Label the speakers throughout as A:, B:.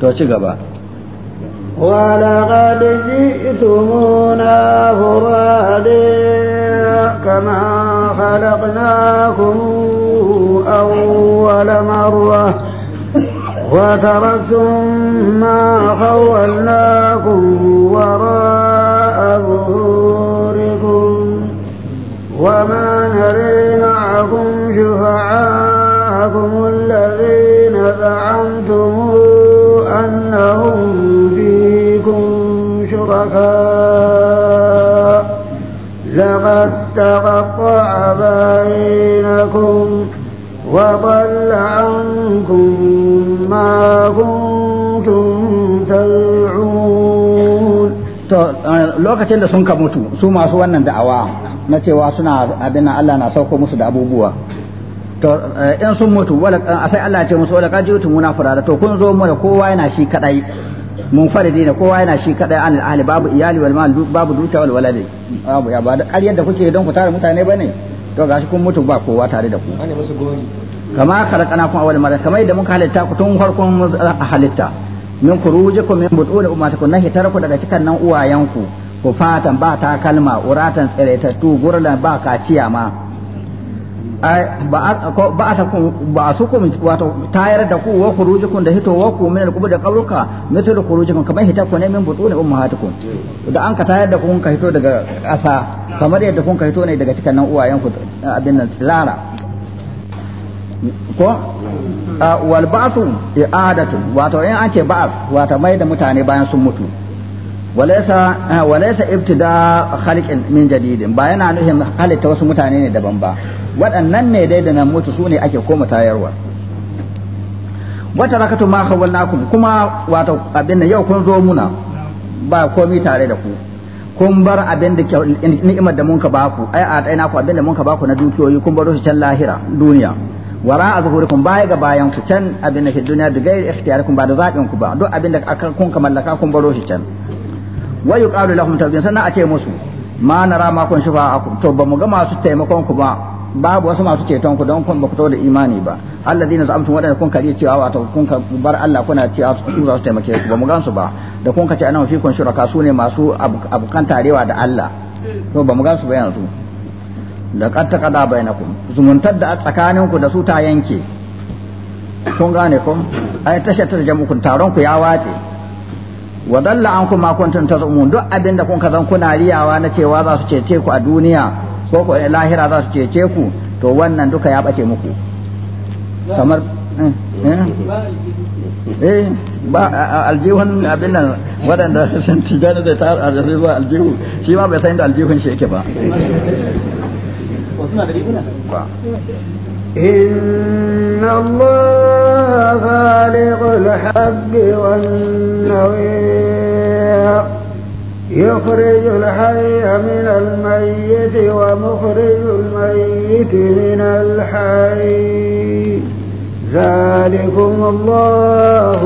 A: to ci gaba wala qadi
B: jitumuna furade kama khalaqnakum awwal marra وتركتم ما خولناكم وراء ظهوركم وما نري معكم شفعاءكم الذين زعمتموه أنهم فيكم شركاء لقد تقطع بينكم وضل عنكم ما
A: كنتم تدعون lokacin da sun ka mutu su masu wannan da'awa na cewa suna abin Allah na sauko musu da abubuwa to eh, in sun mutu wala eh, sai Allah ce musu wala kaji utun muna furada to kun zo mana kowa yana shi kadai mun faridi da kowa yana shi kadai an ahli babu iyali wal mal babu duta wal walade babu ya ba da ƙaryar da kuke don ku tare mutane bane to gashi kun mutu ba kowa tare da ku ane musu gori kama khalaqana kun awal mara kamar da muka halitta ku tun farkon eh, halitta min kurujikum min butun ummatikum nahi taraku daga cikan nan uwayanku ku fatan ba ta kalma uratan tsiraitattu gurlan ba kaciya ma ba a kun ba su kun wato tayar da ku wa khurujukum da hito wa ku min al da qabruka mithlu khurujukum kamar hita ku ne min butuni ummahatikum da an ka tayar da ku kun ka hito daga ƙasa kamar yadda kun ka hito ne daga cikin nan uwayen ku abin nan tsirara ko wal ba'su i'adatu wato in an ce ba'as wato mai da mutane bayan sun mutu walaysa walaysa ibtida khalqin min jadidin ba yana nufin halitta wasu mutane ne daban ba waɗannan ne dai da nan mutu su ne ake koma tayarwa wata rakatu ma khawalnakum kuma wato abin yau kun zo muna ba komi tare da ku kun bar abin da ni'imar da mun ka baku ai a dai naku abin da mun ka baku na dukiyoyi kun baro shi can lahira duniya wara a zuhurikum baya ga bayan ku can abin da ke duniya da gairi ba da zaɓin ku ba duk abin da kun ka mallaka kun baro shi can wa yuqalu lahum tawbin sannan a ce musu ma nara ma kun shufa akum to ba mu ga masu taimakon ku ba babu wasu masu ceton ku don kun ba ku tawo da imani ba alladina zamtum wadanda kun kaje cewa wato kun ka bar Allah kuna cewa su za su taimake ku ba mu gansu ba da kun kace anan fi kun shuraka su ne masu abukan tarewa da Allah to ba mu gansu ba yanzu da laqad taqada bainakum zumuntar da tsakanin ku da su ta yanke kun gane ko ai tashar jama'u kun taron ku ya wace wadalla an kuma kuntun tazumun duk abinda kun kazan kuna riyawa na cewa za su cece ku a duniya ko ko lahira za su cece ku to wannan duka ya bace muku kamar eh, eh, eh ba aljihun abin nan waɗanda sun ci gane da tar arzai zuwa aljihu shi ma bai san da aljihun shi yake ba
B: إن الله خالق الحق والنوير يخرج الحي من الميت ومخرج الميت من الحي ذلكم الله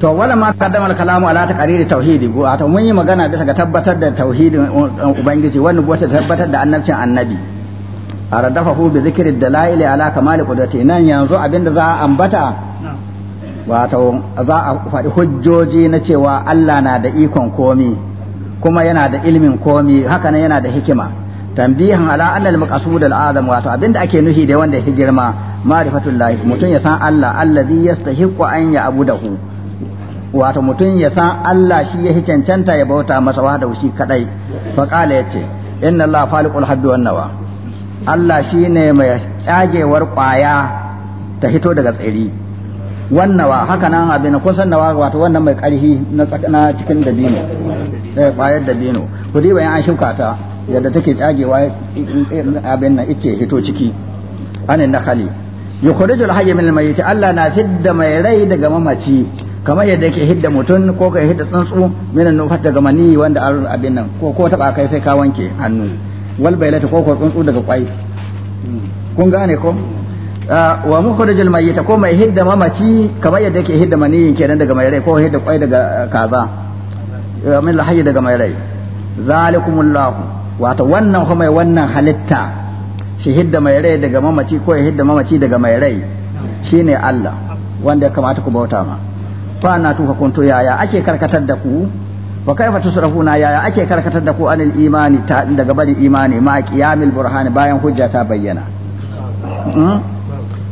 A: to wala ma kaddama al-kalamu ala qarir tauhidi wato mun yi magana bisa ga tabbatar da tauhidin uh, uh, ubangiji wannan ta tabbatar da annabcin annabi aradafahu bi zikri dalail ala kamali qudrati nan yanzu abinda za a ambata wato za a faɗi hujjoji na cewa Allah na da ikon komi kuma yana da ilmin komi haka nan yana da hikima tambihan ala annal maqsud al azam wato abinda ake nuhi da wanda ya girma ma'rifatul lahi mutun ya san Allah allazi yastahiqqu an ya wato mutun ya san Allah shi ya cancanta ya bauta masa wa da shi kadai fa qala yace inna Allah faliqul habbi wan nawa Allah shine mai tsagewar kwaya ta hito daga tsiri wannawa haka nan abin kun san nawa wato wannan mai karhi na cikin dabino eh kwayar dabino ku diba an shuka ta yadda take tsagewa abin nan ice hito ciki na khali yukhrijul hayy min al-mayyit Allah na fidda mai rai daga mamaci kamar yadda yake hidda mutum ko kai hidda tsuntsu minan nufat daga mani wanda abin nan ko ko taba kai sai ka wanke hannu wal bailata ko ko tsuntsu daga kwai
C: hmm.
A: kun gane ko wa mukhrijul mayyit ko mai hidda mamaci kamar yadda yake hidda maniyin kenan daga mai rai ko hidda kwai daga kaza eh, min la hayy daga mai rai zalikumullah wato wannan kuma mai wannan halitta shi hidda mai rai daga mamaci ko ya hidda mamaci daga mai rai shine Allah wanda ya kamata ku bauta ma fa na tuka kunto yaya ake karkatar da ku wa kaifa tusrafuna yaya ake karkatar da ku anil imani ta daga bari imani ma qiyamil burhan bayan hujja ta bayyana hmm?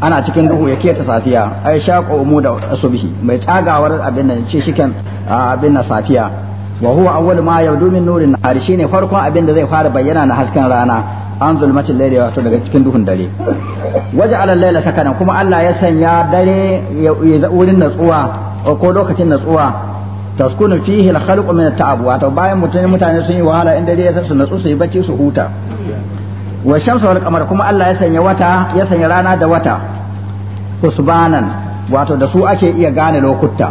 A: ana cikin duhu ya keta safiya ai shaqa umu da subhi mai tsagawar abin nan ce shiken abin na safiya wa huwa awwal ma yabdu min nurin nahar shine farkon abin da zai fara bayyana na hasken rana an zulmatin laili wato daga cikin duhun dare waje alal laila sakana kuma Allah ya sanya dare ya wurin natsuwa ko lokacin natsuwa taskunu fihi al khalqu min at wato bayan mutane mutane sun yi wahala in dare ya su natsu su yi bacci su huta wa shamsu wal qamar kuma Allah ya sanya wata ya sanya rana da wata usbanan wato da su ake iya gane lokuta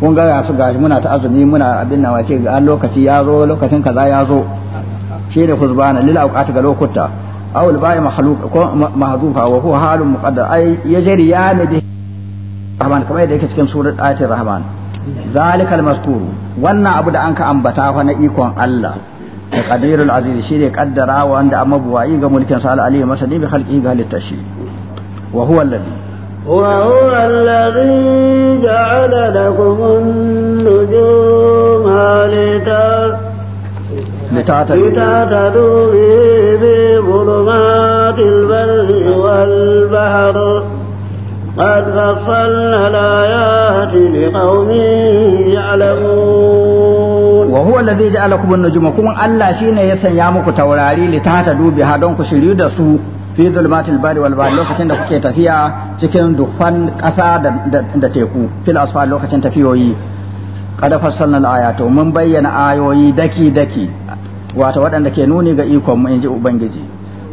A: kun ga su gashi muna ta azumi muna abin nan wace ga lokaci ya zo lokacin kaza ya zo shine husbana lil awqat ga lokuta aw al ba'i mahluq ko mahzufa wa huwa halun muqaddar ay yajri ya nabi rahman kamar yadda yake cikin surat ayatul rahman zalikal mazkuru wannan abu da an ka ambata fa na ikon Allah القدير العزيز شيء قدر آه، وعند أمبوا إيغا ملكا سأل عليه مسني بخلقه قال التشيء وهو الذي
B: وهو الذي جعل لكم النجوم
A: لتعتدوا
B: به في البر والبحر قد فصلنا الآيات لقوم يعلمون
A: wa huwa alladhi ja'ala kumun nujuma kuma Allah shine ya sanya muku taurari li ta dubi ha don ku shiryu da su fi zulmatil bari wal bahri lokacin da kuke tafiya cikin dukkan ƙasa da teku fil asfal lokacin tafiyoyi qad fassalna al ayatu mun bayyana ayoyi daki daki wato waɗanda ke nuni ga ikon mu inji ubangiji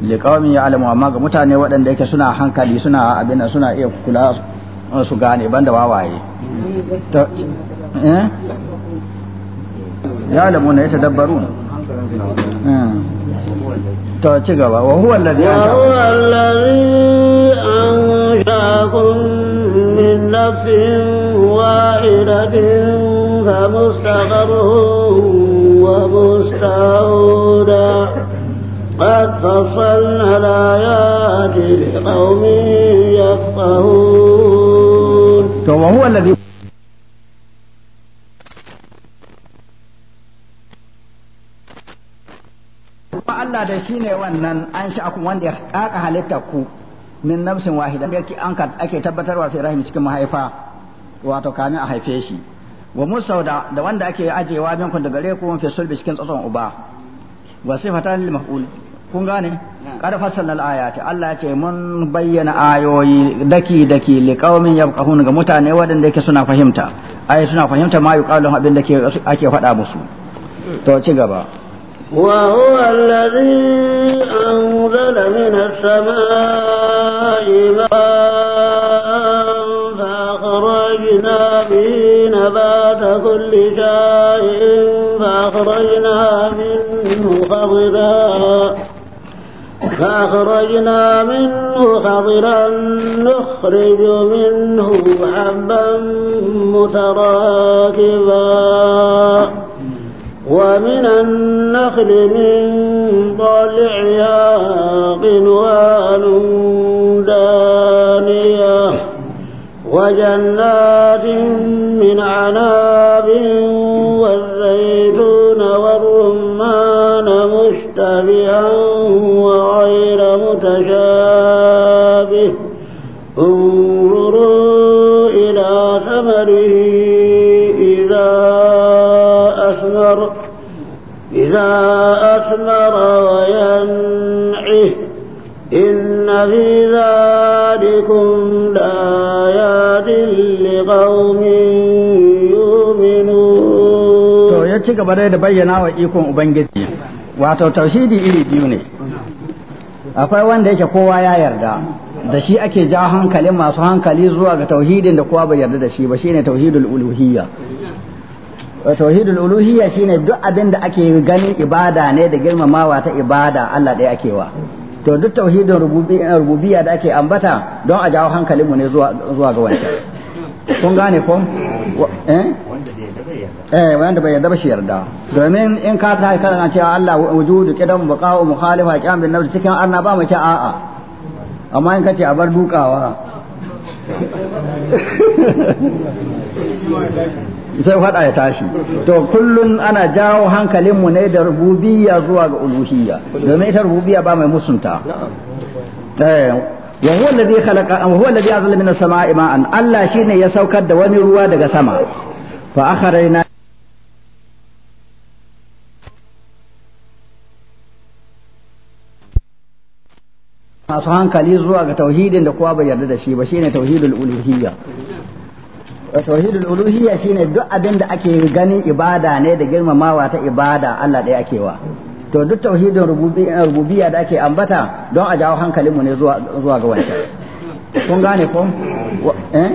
A: li qaumi ya'lamu amma ga mutane waɗanda yake suna hankali suna abin suna iya kula su gane banda wawaye
C: eh يعلمون
A: يتدبرون تجوا وهو الذي وهو
C: الذي
B: أنشأكم من نفس واحدة فمستقر ومستودع قد فصلنا الآيات لقوم يفقهون
C: وهو الذي
A: Allah da shi ne wannan an sha'akun wanda ya kaka halitta ku min nafsin wahida da yake an ake tabbatarwa fi rahim cikin mahaifa wato kamin a haife shi wa musau da da wanda ake ajewa min kun daga gare ku fi sulbi cikin tsatson uba wa sifatan lil maf'ul kun gane kada fassalna ayati Allah ya ce mun bayyana ayoyi daki daki li qaumin yabqahun ga mutane wadanda yake suna fahimta ai suna fahimta ma yuqalu abin da ake faɗa musu to ci gaba
B: وهو الذي أنزل من السماء ماء فأخرجنا به نبات كل شيء فأخرجنا منه خضرا فأخرجنا منه خضرا نخرج منه حبا متراكبا ومن النخل من طلعها قنوان دانية وجنات من عناب والزيتون والرمان مشتبها وغير متشابه انظروا إلى ثمره إذا أثمر وينعه إن في ذلكم لآيات لقوم
A: يؤمنون to ya ci gaba da bayyana wa ikon ubangiji wato tauhidi iri biyu ne akwai wanda yake kowa ya yarda da shi ake ja hankalin masu hankali zuwa ga tauhidin da kowa bai yarda da shi ba shine tauhidul uluhiyya tauhidul uluhiyya shine duk abin da ake gani ibada ne da girmamawa ta ibada Allah ɗaya ake wa to duk tauhidin rububiyya da ake ambata don a jawo hankalin mu ne zuwa zuwa ga wancan kun gane ko eh eh wanda bai yarda ba shi yarda domin in ka ta kana cewa Allah wujudu kidan baqa'u mukhalifa qiyam bin nafs cikin arna ba mu ce a'a amma in ka ce a bar dukawa sai fada ya tashi to kullun ana jawo hankalinmu ne da rububiyya zuwa ga uluhiyya domin ita rububiyya ba mai musunta eh, wa huwa alladhi khalaqa wa huwa alladhi azala minas samaa'i ma'an Allah shine ya saukar da wani ruwa daga sama fa akhrajna masu hankali zuwa ga tauhidin da kowa bai yarda da shi ba shine tauhidul uluhiyya al uluhiyya shine duk abin da ake ganin ibada ne da girmamawa ta ibada Allah ɗaya ake wa to duk tauhidin rububiyya da ake ambata don a jawo hankalin mu ne zuwa zuwa ga wancan kun gane ko eh?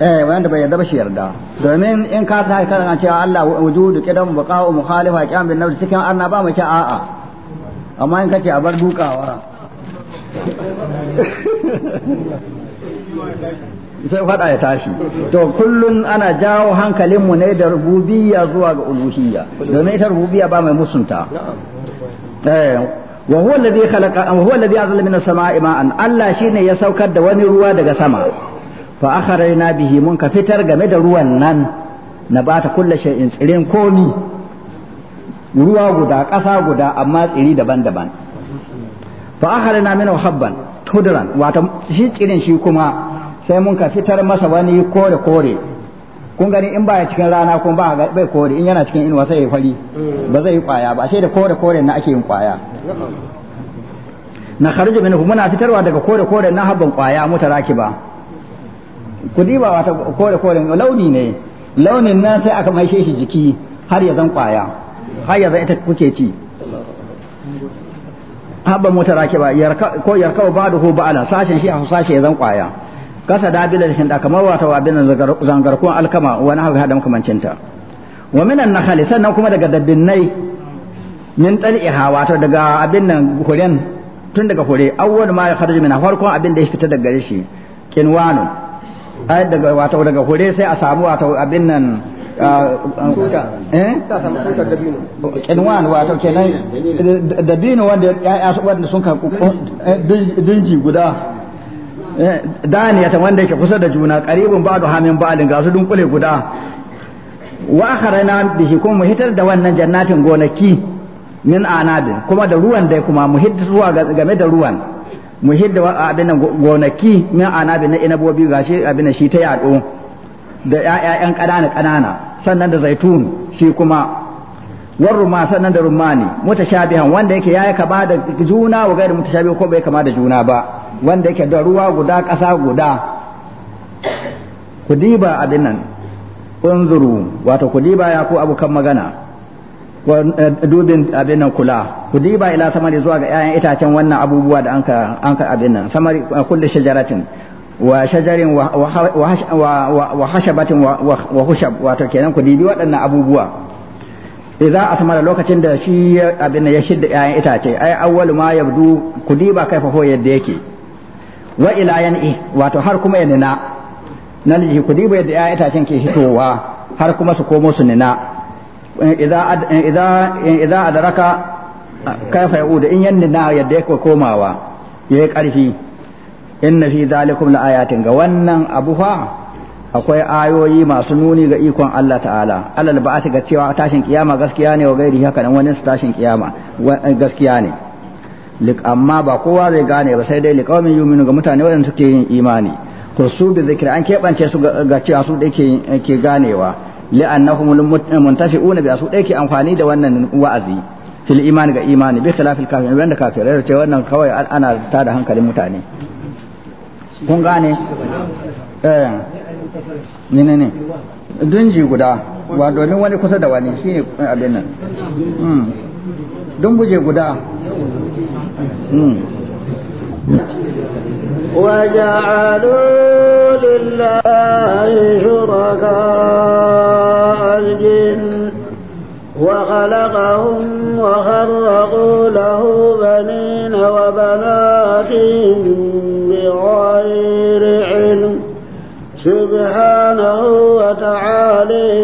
A: eh wanda bai yarda ba shi yarda domin in ka ta kana cewa Allah wujudu kidan baqa'u mukhalifa qiyam bin nafs cikin arna ba mu ce a'a amma in kace a bar dukawa sai fada ya tashi to kullum ana jawo hankalinmu ne da rububiyya zuwa ga uluhiyya domin ita rububiyya ba mai musunta eh, wa huwa alladhi khalaqa wa huwa alladhi anzala minas samaa'i ma'an Allah shine ya saukar da wani ruwa daga sama fa akhrajna bihi mun ka fitar game da ruwan nan nabata kullu shay'in tsirin komi ruwa guda ƙasa guda amma tsiri daban-daban fa akhrajna minhu habban tudran wato shi tsirin shi kuma sai mun ka fitar masa wani kore kore kun gani in baya cikin rana kun ba bai kore in yana cikin inuwa sai ya fari ba zai yi kwaya ba sai da kore kore na ake yin kwaya na kharij minhu muna fitarwa daga kore kore na habban kwaya mutarakiba ku diba wata kore kore launi ne launin nan sai aka maishe shi jiki har ya zan kwaya har ya zan ita kuke ci habban mutarakiba yarka ko yarka ba'dahu ba'ala sashen shi a sashe ya zan kwaya kasa da bilal da kamar wata wa bin zangarkun alkama wani haka hada makamancin ta wa minan nakhali sannan kuma daga dabbinai min tal'iha wato daga abin nan huren tun daga hure awwal ma ya kharju min farkon abin da ya fita daga gare shi kinwanu ay daga wato daga hure sai a samu wato abin nan eh? kinwan wato kenan dabino wanda ya wanda sun ka eh, dinji guda daniyatan wanda yake kusa da juna qaribun ba'du hamin ba'alin ga su dunkule guda wa akharana bihi kuma mu hitar da wannan jannatin gonaki min anabin kuma da ruwan dai kuma mu hidda zuwa game da ruwan mu da abin gonaki min anabin na inabobi gashi abin shi ta yado da ƴaƴan ƙanana ƙanana sannan da zaitun shi kuma war ruma sannan da rumani mutashabihan wanda yake yayi kama da juna wa gairi mutashabihu ko bai kama da juna ba wanda yake da ruwa guda ƙasa guda ku diba abin nan unzuru wato ku diba ya ku abokan magana eh, dubin abin nan kula ku diba ila samari zuwa ga 'ya'yan itacen wannan abubuwa da anka anka abin nan samari kullu shajaratin wa shajarin wa hashabatin wa hushab wato kenan ku dibi waɗannan abubuwa idza asmara lokacin da shi abin ya shidda 'ya'yan itace ai awwalu ma yabdu ku diba kai ho yadda yake wa ila yan'i wato har kuma ya nina na liji ku diba yadda ya itacen ke hitowa har kuma su komo su nina adaraka kai kaifa da in yan nina yadda yake komawa yayi karfi inna fi zalikum laayatin ga wannan abu fa akwai ayoyi masu nuni ga ikon Allah ta'ala alal ba'ati ga cewa tashin kiyama gaskiya ne wa gairi haka nan wani tashin kiyama gaskiya ne amma ba kowa zai gane ba sai dai liqaumin yu'minu ga mutane waɗanda suke yin imani to su bi zikri an keɓance su ga cewa su da ke ganewa li'annahum muntafi'una bi su da ke amfani da wannan wa'azi fil imani ga imani bi khilafil kafirin wanda kafir kafirai ce wannan kawai ana tada hankalin mutane kun gane eh ne ne ne dunji guda wa domin wani kusa da wani shine abin nan hmm. dunguje guda وجعلوا لله
B: شركاء الجن وخلقهم وخرقوا له بنين وبنات بغير علم سبحانه وتعالى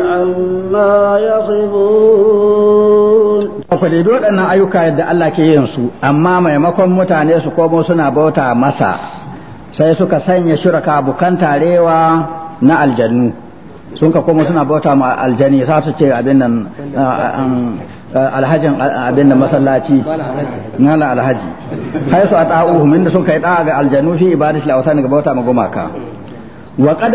B: عما يصفون
A: ku dai waɗannan ayyuka yadda Allah ke yin su amma maimakon mutane su komo suna bauta masa sai suka sanya shuraka bukan tarewa na aljannu sun ka komo suna bauta ma aljani za su ce abin nan alhajin abin nan masallaci nala alhaji haisu a ta'uhu min sun kai ta'a ga aljanu fi ibadati la'awtan ga bauta ma gumaka wa qad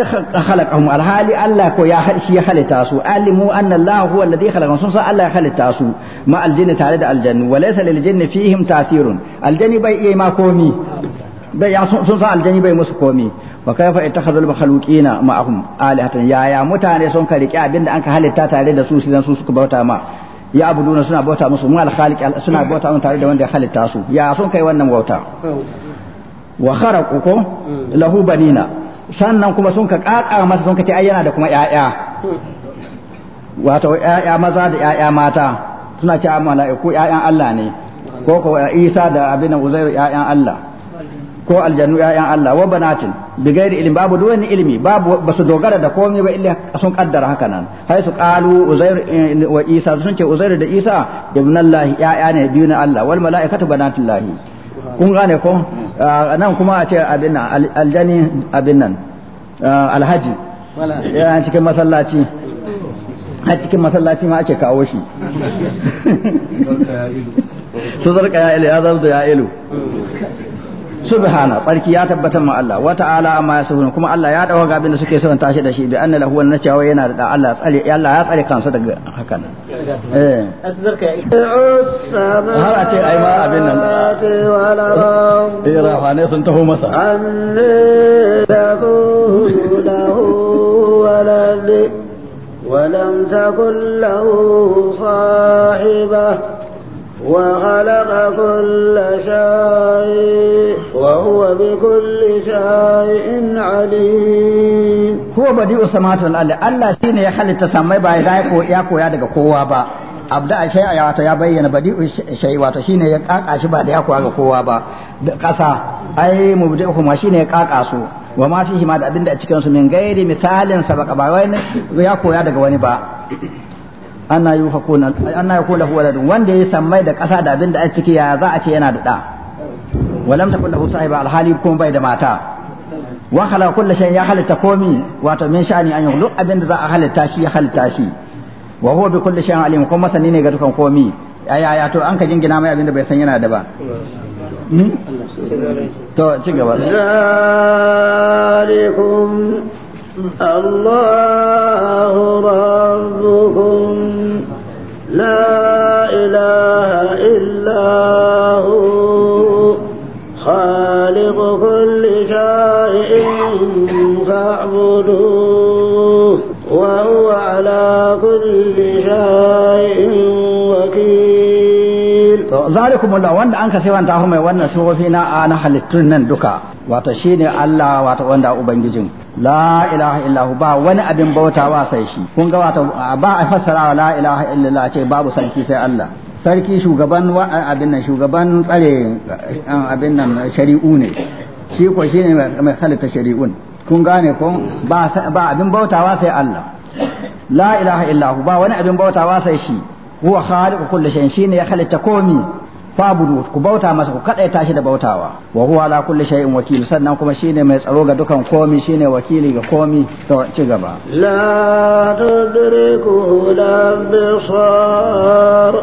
A: khalaqahum alhali Allah ko ya shi ya halitta su alimu anna Allah huwa alladhi khalaqahum sun san Allah ya halitta su ma aljanna tare da aljannu wa laysa lil jinni fihim tasirun aljanni bai iya ma komi bai ya sun san aljanni bai musu komi wa kayfa ittakhadhu al makhluqina ma'ahum alihatan ya ya mutane sun ka rike abinda an ka halitta tare da su sai su suka bauta ma ya abuduna suna bauta musu mu al khaliq suna bauta mu tare da wanda ya halitta su ya sun kai wannan bauta wa kharaqu ko mm. lahu banina sannan kuma sun ka ƙaƙa masa sun ka ce ai yana da kuma ƴaƴa wato ƴaƴa maza da ƴaƴa mata suna ce mala'iku ƴaƴan Allah ne ko ko Isa da abin da Uzairu ƴaƴan Allah ko aljannu ƴaƴan Allah wa banatin bi ghairi ilmi babu duwan ilmi babu basu dogara da komai ba illa sun kaddara haka nan hay su qalu uzair eh, wa isa sun ce uzair da isa lahi, ƴaƴa ne biyu na Allah wal mala'ikatu banatullahi kun gane ko nan kuma a ce abin aljani abin nan alhaji yana cikin masallaci a cikin masallaci ma ake kawo shi
C: su zarka ya ilu
A: ya zarta ya ilu subhana tsarki ya tabbatar ma Allah wa ta'ala amma ya sabuna kuma Allah ya dawo ga da suke son tashi da shi bi anna lahu wannan cewa yana da Allah tsare Allah ya tsare kansa daga hakan eh
B: har a ce ai ma abin nan eh rahane
A: sun taho masa
B: ولم تكن له صاحبه وخلق كل شيء وهو
A: بكل
B: شيء عليم
A: هو بديع السماوات والارض الله shine ya halitta samai ba ya ko ya koya daga kowa ba abda shay wato ya bayyana badi'u shay wato shine ya kaka shi ba da ya koya ga kowa ba kasa ai mubdi'u kuma shine ya kaka su wa ma fihi ma da abinda a cikin su min gairi misalin sabaka ya koya daga wani ba ana yi kula ana yakun wanda ya sammai da ƙasa da abin da a ciki ya za a ce yana da ɗa walam takun lahu sahiba alhali ko bai da mata wa khala kulla shay ya halitta komi wato min sha'ani an yukhluq abin da za a halitta shi ya halitta shi wa huwa bi kulli shay alim kuma masani ne ga dukan komi ya ya to an ka jingina mai abin da bai san yana da ba hmm? to ci gaba
B: الله ربهم لا إله إلا هو خالق كل شيء فاعبدوه
A: zalikum Allah wanda an ka wanda hu mai wannan sifofi na na halittun nan duka wato shine Allah wato wanda ubangijin la ilaha illahu ba wani abin bautawa sai shi kun ga wato ba a fassara la ilaha illallah ce babu sarki sai Allah sarki shugaban abin nan shugaban tsare abin nan shari'u ne shi ko shine mai halitta shari'un kun gane ko ba abin bautawa sai Allah la ilaha illahu ba wani abin bautawa sai shi huwa khaliqu kulli shay'in shine ya halitta komi fa'budu ku bauta masa ku kada tashi da bautawa wa huwa ala kulli shay'in wakil sannan kuma shine mai tsaro ga dukan komi shine wakili ga komi to ci gaba
B: la tudriku la bisar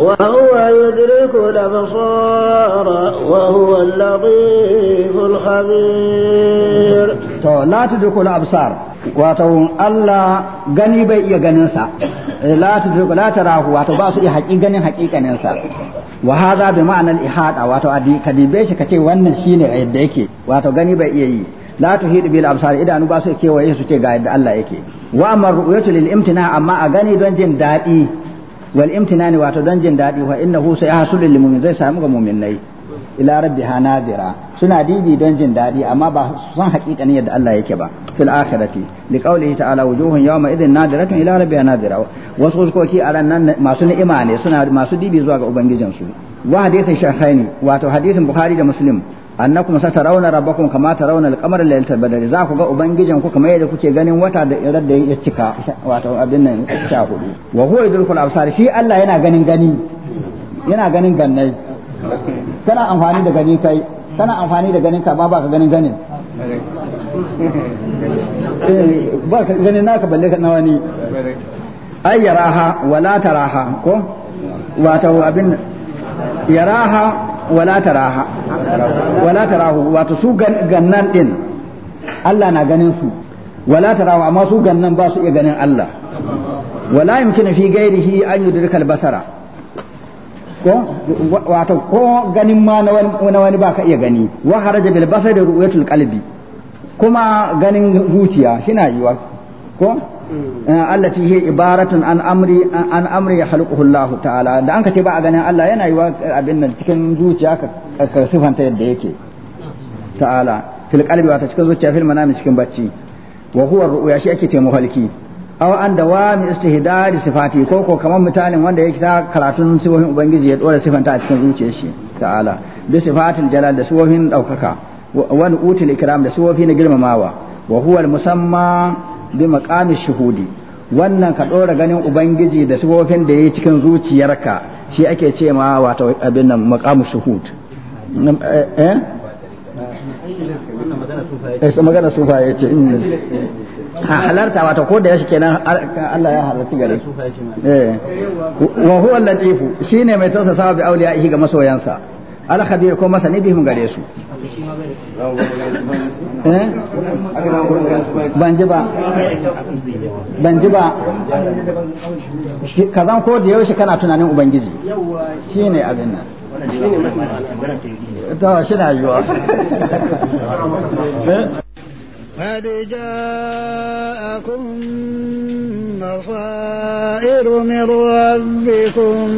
B: wa huwa yudriku la bisar wa huwa
A: al-latiful khabir to la tudriku la absar wato Allah gani bai iya ganinsa eh, la tudriku la tarahu wato ba su iya haƙi ganin sa wa hadha bi ma'anal ihada wato adi kadibe shi kace wannan shine yadda yake wato gani bai iya yi la tuhidu bil absar idanu ba su kewaye su ce ga yadda Allah yake wa amar ru'yatu lil imtina amma a gani don jin daɗi wal imtinani wato don jin daɗi wa innahu sayahsulu lil mu'min zai samu ga mu'minai ila rabbiha nadira suna didi don jin daɗi amma ba su san haƙiƙanin yadda Allah yake ba fil akhirati li qawlihi ta'ala wujuhun yawma idhin nadiratun ila rabbiha nadira wasu hukoki a ran nan masu ni'ima ne suna masu dibi zuwa ga su wa hadithin shahaini wato hadisin bukhari da muslim annakum satarawna rabbakum kama tarawna al-qamara laylatal badri za ku ga ubangijin ku kamar yadda kuke ganin wata da irar da ya cika wato abin nan sha hudu wa huwa yudrikul absar shi Allah yana ganin gani yana ganin gannai kana amfani da gani kai tana amfani da ganin ka ba ba ka ganin ganin ba ka ganin naka balle ka nawa ne ai yaraha wala taraha ko wato abin yaraha wala taraha wala tarahu wato su gannan din Allah na ganin su wala tarahu amma su gannan ba su iya ganin Allah wala yumkinu fi ghairihi an yudrika al-basara ko wato ko ganin ma na wani na wani baka iya gani wa haraja bil basar da ru'yatul qalbi kuma ganin zuciya shina yiwa ko Allah mm. eh, allati hiya ibaratun an amri an amri ya halquhu Allah ta'ala da an ka ce ba a ganin Allah yana yiwa abin nan cikin zuciya ka sifanta yadda yake ta'ala fil qalbi wato cikin zuciya fil manami cikin bacci wa huwa ru'ya shi ake ce muhalki aw an dawami istihdari sifati ko ko kamar mutanen wanda yake ta karatun sifofin ubangiji ya dora sifanta a cikin zuciyar shi ta'ala bi sifatin jalal da sifofin daukaka wani utul ikram da sifofin na girmamawa wa huwa al musamma bi maqami shuhudi wannan ka dora ganin ubangiji da sifofin da yake cikin zuciyarka shi ake ce ma wato abin nan maqamu shuhud eh, eh?
C: eh magana sufa yace mm. halarta wato ko da yashi
A: kenan Allah ya halarci gare su eh wa huwa latifu shine mai tausa sawa bi auliyaihi ga masoyansa al khabir ko masani bihim gare su
C: eh? ban ji ba ban ji ba
A: kazan ko da yaushe kana tunanin ubangiji shine abin nan to shi na yiwa eh?
B: قد جاءكم بصائر من ربكم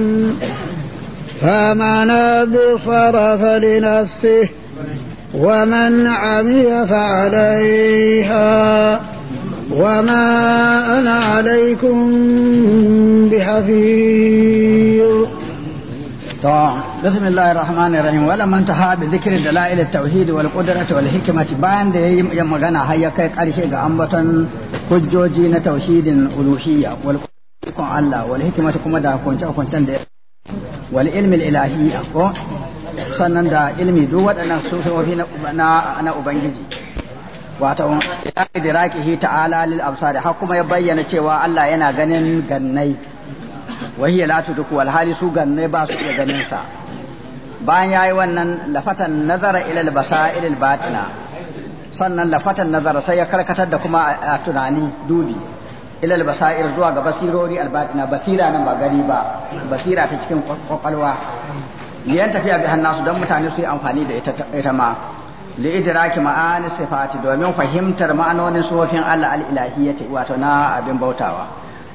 B: فمن أبصر فلنفسه ومن عمي فعليها وما أنا عليكم بحفيظ
A: طاعة بسم الله الرحمن الرحيم ولما انتهى بذكر دلائل التوحيد والقدرة والحكمة بان دا يمغانا ya كاي قرشي ga ambaton hujjoji na tauhidin uluhiyya wal kun Allah wal hikmata kuma da kunce kuncen da wal ilmi ilahiyya sannan da ilmi duk waɗannan sufofi na na ubangiji wato ila idrakihi ta'ala lil absar har kuma ya bayyana cewa Allah yana ganin gannai wahiya la tudku wal hali su gannai ba su iya ganin sa bayan yayi wannan lafatan nazara ilal basa basair batina sannan lafatan nazara sai ya karkatar da kuma a tunani dubi ilal basa basair zuwa ga basirori al basira nan ba gari ba basira ta cikin kwakwalwa liyan tafiya bi hannasu don mutane su yi amfani da ita ma li idraki ma'ani sifati domin fahimtar ma'anonin sufofin Allah al-ilahiyyati wato na abin bautawa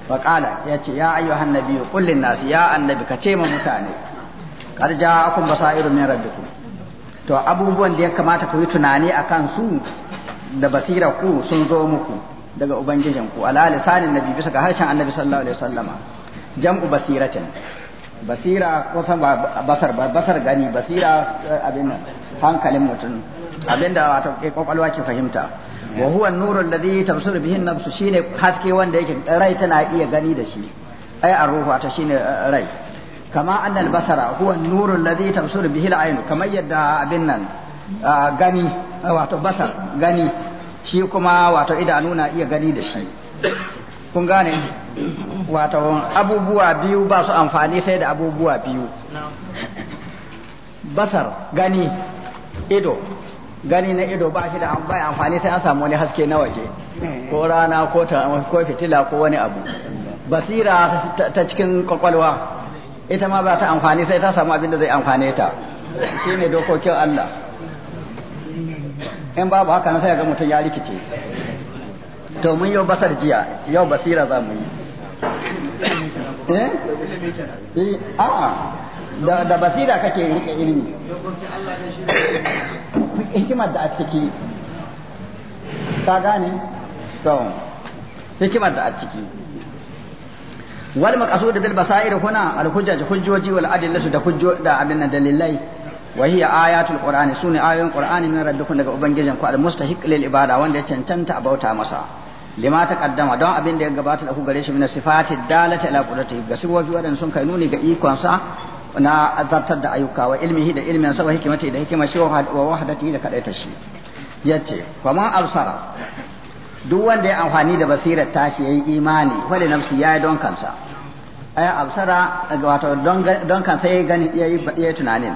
A: wa qala yace ya ayyuhan nabiyyu qul lin ya annabi ka ce ma mutane qad ja'akum basairun min rabbikum to abubuwan da ya kamata ku yi tunani a kan su da basira ku sun zo muku daga ubangijin ku ala lisanin nabi bisa ga harshen annabi sallallahu alaihi wasallama jam'u basiratin basira ko san basar basar gani basira eh, abin hankalin mutum abin da wato kai kwakwalwa ke fahimta wa huwa an-nuru alladhi tabsuru bihi an-nafs shine haske wanda yake rai tana iya gani da shi ai a arruhu ta shine eh, rai kama annal basara huwa nuru alladhi tabsuru bihi al kamar yadda abin nan gani wato basar gani shi kuma wato idanu na iya gani da shi kun gane wato abubuwa biyu ba su amfani sai da abubuwa biyu basar gani ido gani na ido ba shi da bai amfani sai an samu wani haske na waje ko rana ko fitila ko wani abu basira ta cikin kwakwalwa ita ma ba ta amfani sai ta samu abin da zai amfane ta shi ne dokokin Allah in babu haka na sai ga mutum ya rikice to mun yau basar jiya yau basira za mu yi eh, eh a'a da da basira kake rike ilimi hikimar da a ciki ka gane to hikimar da a ciki wal maqsud bil basair huna al hujjaj hujjoji wal adillatu da hujjo da abin nan dalilai wa hiya ayatul qur'ani sunni ayoyin qur'ani min rabbikum daga ubangijin ku al mustahiq lil ibada wanda ya cancanta a bauta masa lima taqaddama don abin da ya gabata da ku gare shi min sifati dalata ila qudratihi ga sifofi wadan sun kai nuni ga ikon sa na azartar da ayyuka wa ilmihi da ilmin sa wa hikimati da hikima shi wa wahdati da kadaita shi yace faman absara duk wanda ya amfani da basirar tashi yayi imani wali nafsi yayi don kansa aya absara wato don kan sai gani yayi tunanin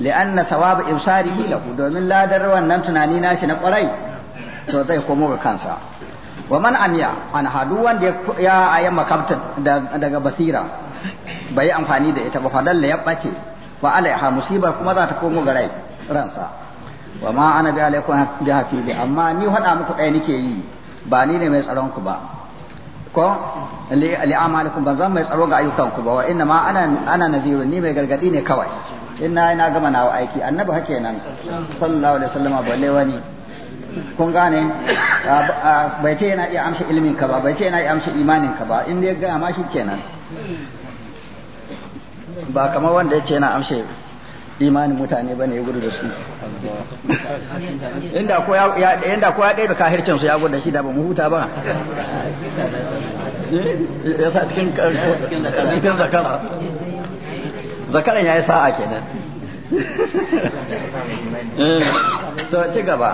A: li'anna thawab ibsarihi lahu domin ladar wannan tunani nashi na kwarai to zai komo ga kansa wa man amiya an hadu wanda ya ayan makabta daga basira bai yi amfani da ita ba fadalla ya bace wa alaiha musibar kuma za ta komo ga ransa wa ma ana bi alaikum bi hafizi amma ni hada muku dai nake yi ba ni ne mai tsaron ku ba ko li amalikum ban zan mai tsaro ga ayyukanku ba wa inna ma ana ana nadhirun ni mai gargadi ne kawai inna ina gama nawa aiki annabi hake nan sallallahu alaihi wasallama balle wani kun gane bai ce yana iya amshi ilimin ka ba bai ce yana iya amshi imanin ka ba in dai ga ma shi kenan ba kamar wanda ya ce yana amshi imanin mutane bane ya gudu da su inda ko ya inda ko ya ɗaya kahircin su ya gwada shi da ba mu huta ba eh, ya sa cikin cikin zakara zakaran ya yi sa'a kenan
C: to ci gaba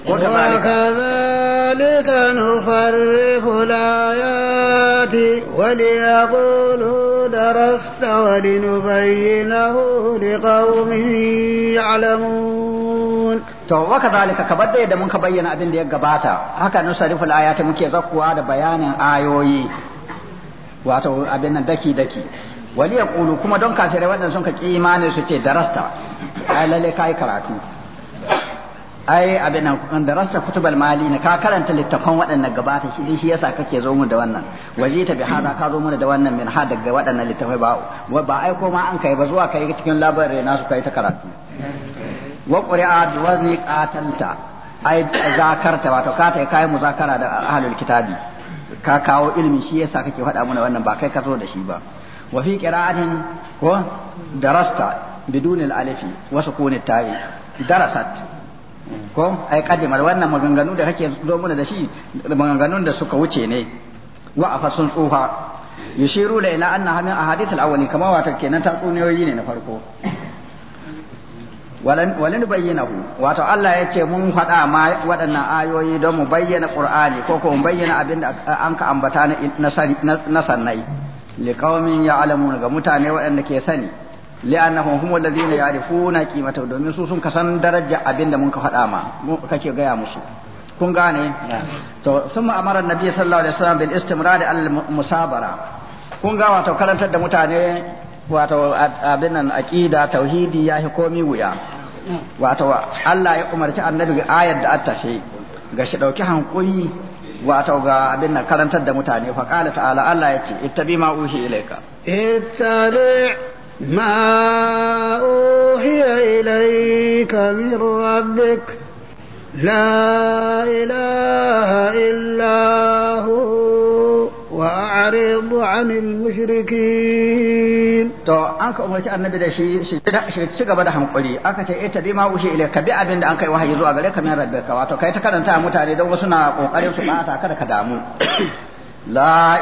C: وكذلك
A: نصرف
B: الآيات وليقولوا درست
A: ولنبينه لقوم يعلمون to waka zalika ka bar da mun ka bayyana abin da ya gabata haka nusarifu al-ayati muke zakkuwa da bayanin ayoyi wato abin nan daki daki wali ya kulu kuma don kafirai waɗanda sun ka ƙi imani su ce darasta ai lalle kai karatu ai abin nan darasta kutubal mali ne. ka karanta littafan waɗannan gabata shi shi yasa kake zo mu da wannan waje ta bi hada ka zo mu da wannan min ha daga waɗannan littafai ba wa ba ai ma an kai ba zuwa kai cikin labarin labarai nasu kai ta karatu wa qur'a duwani qatalta ai zakarta wato ka ta kai zakara da ahlul kitabi ka kawo ilmi shi yasa kake faɗa mana wannan ba kai ka zo da shi ba وفي قراءة qira'atin ko darasta bidun al-alifi wa darasat ko ai kadimar wannan maganganu da kake zo mana da shi maganganun da suka wuce ne wa sun tsufa yushiru la ila anna hamin ahadith al-awwali kama wata kenan ta tsuniyoyi ne na farko walan walan bayyanahu wato Allah ya ce mun fada ma waɗannan ayoyi don mu bayyana Qur'ani ko ko mu bayyana abinda an ka ambata na sannai liqaumin ya'lamun ga mutane waɗanda ke sani li'annahum hum alladhina ya'rifuna qimatahu domin su sun kasan daraja abinda mun ka faɗa ma kake gaya musu kun gane to sun amara nabi sallallahu alaihi wasallam bil istimrar al musabara kun ga wato karantar da mutane wato abin nan aqida tauhidi yahi komi wuya wato Allah ya umarci annabi ga ayar da attafe ga shi dauki hankuri wato ga abin nan karantar da mutane fa qala ta'ala Allah yace ittabi ma uhi ilayka ittabi ma
B: uhiya ilayka min rabbik la ilaha illa
A: وأعرض عن المشركين to umarci annabi da shi gaba da hankuri aka ce ita ma wuce ile bi abin da an kai wahayi gare ka min rabbika wato kai ta karanta mutane don wasu na kokarin su bata kada ka damu la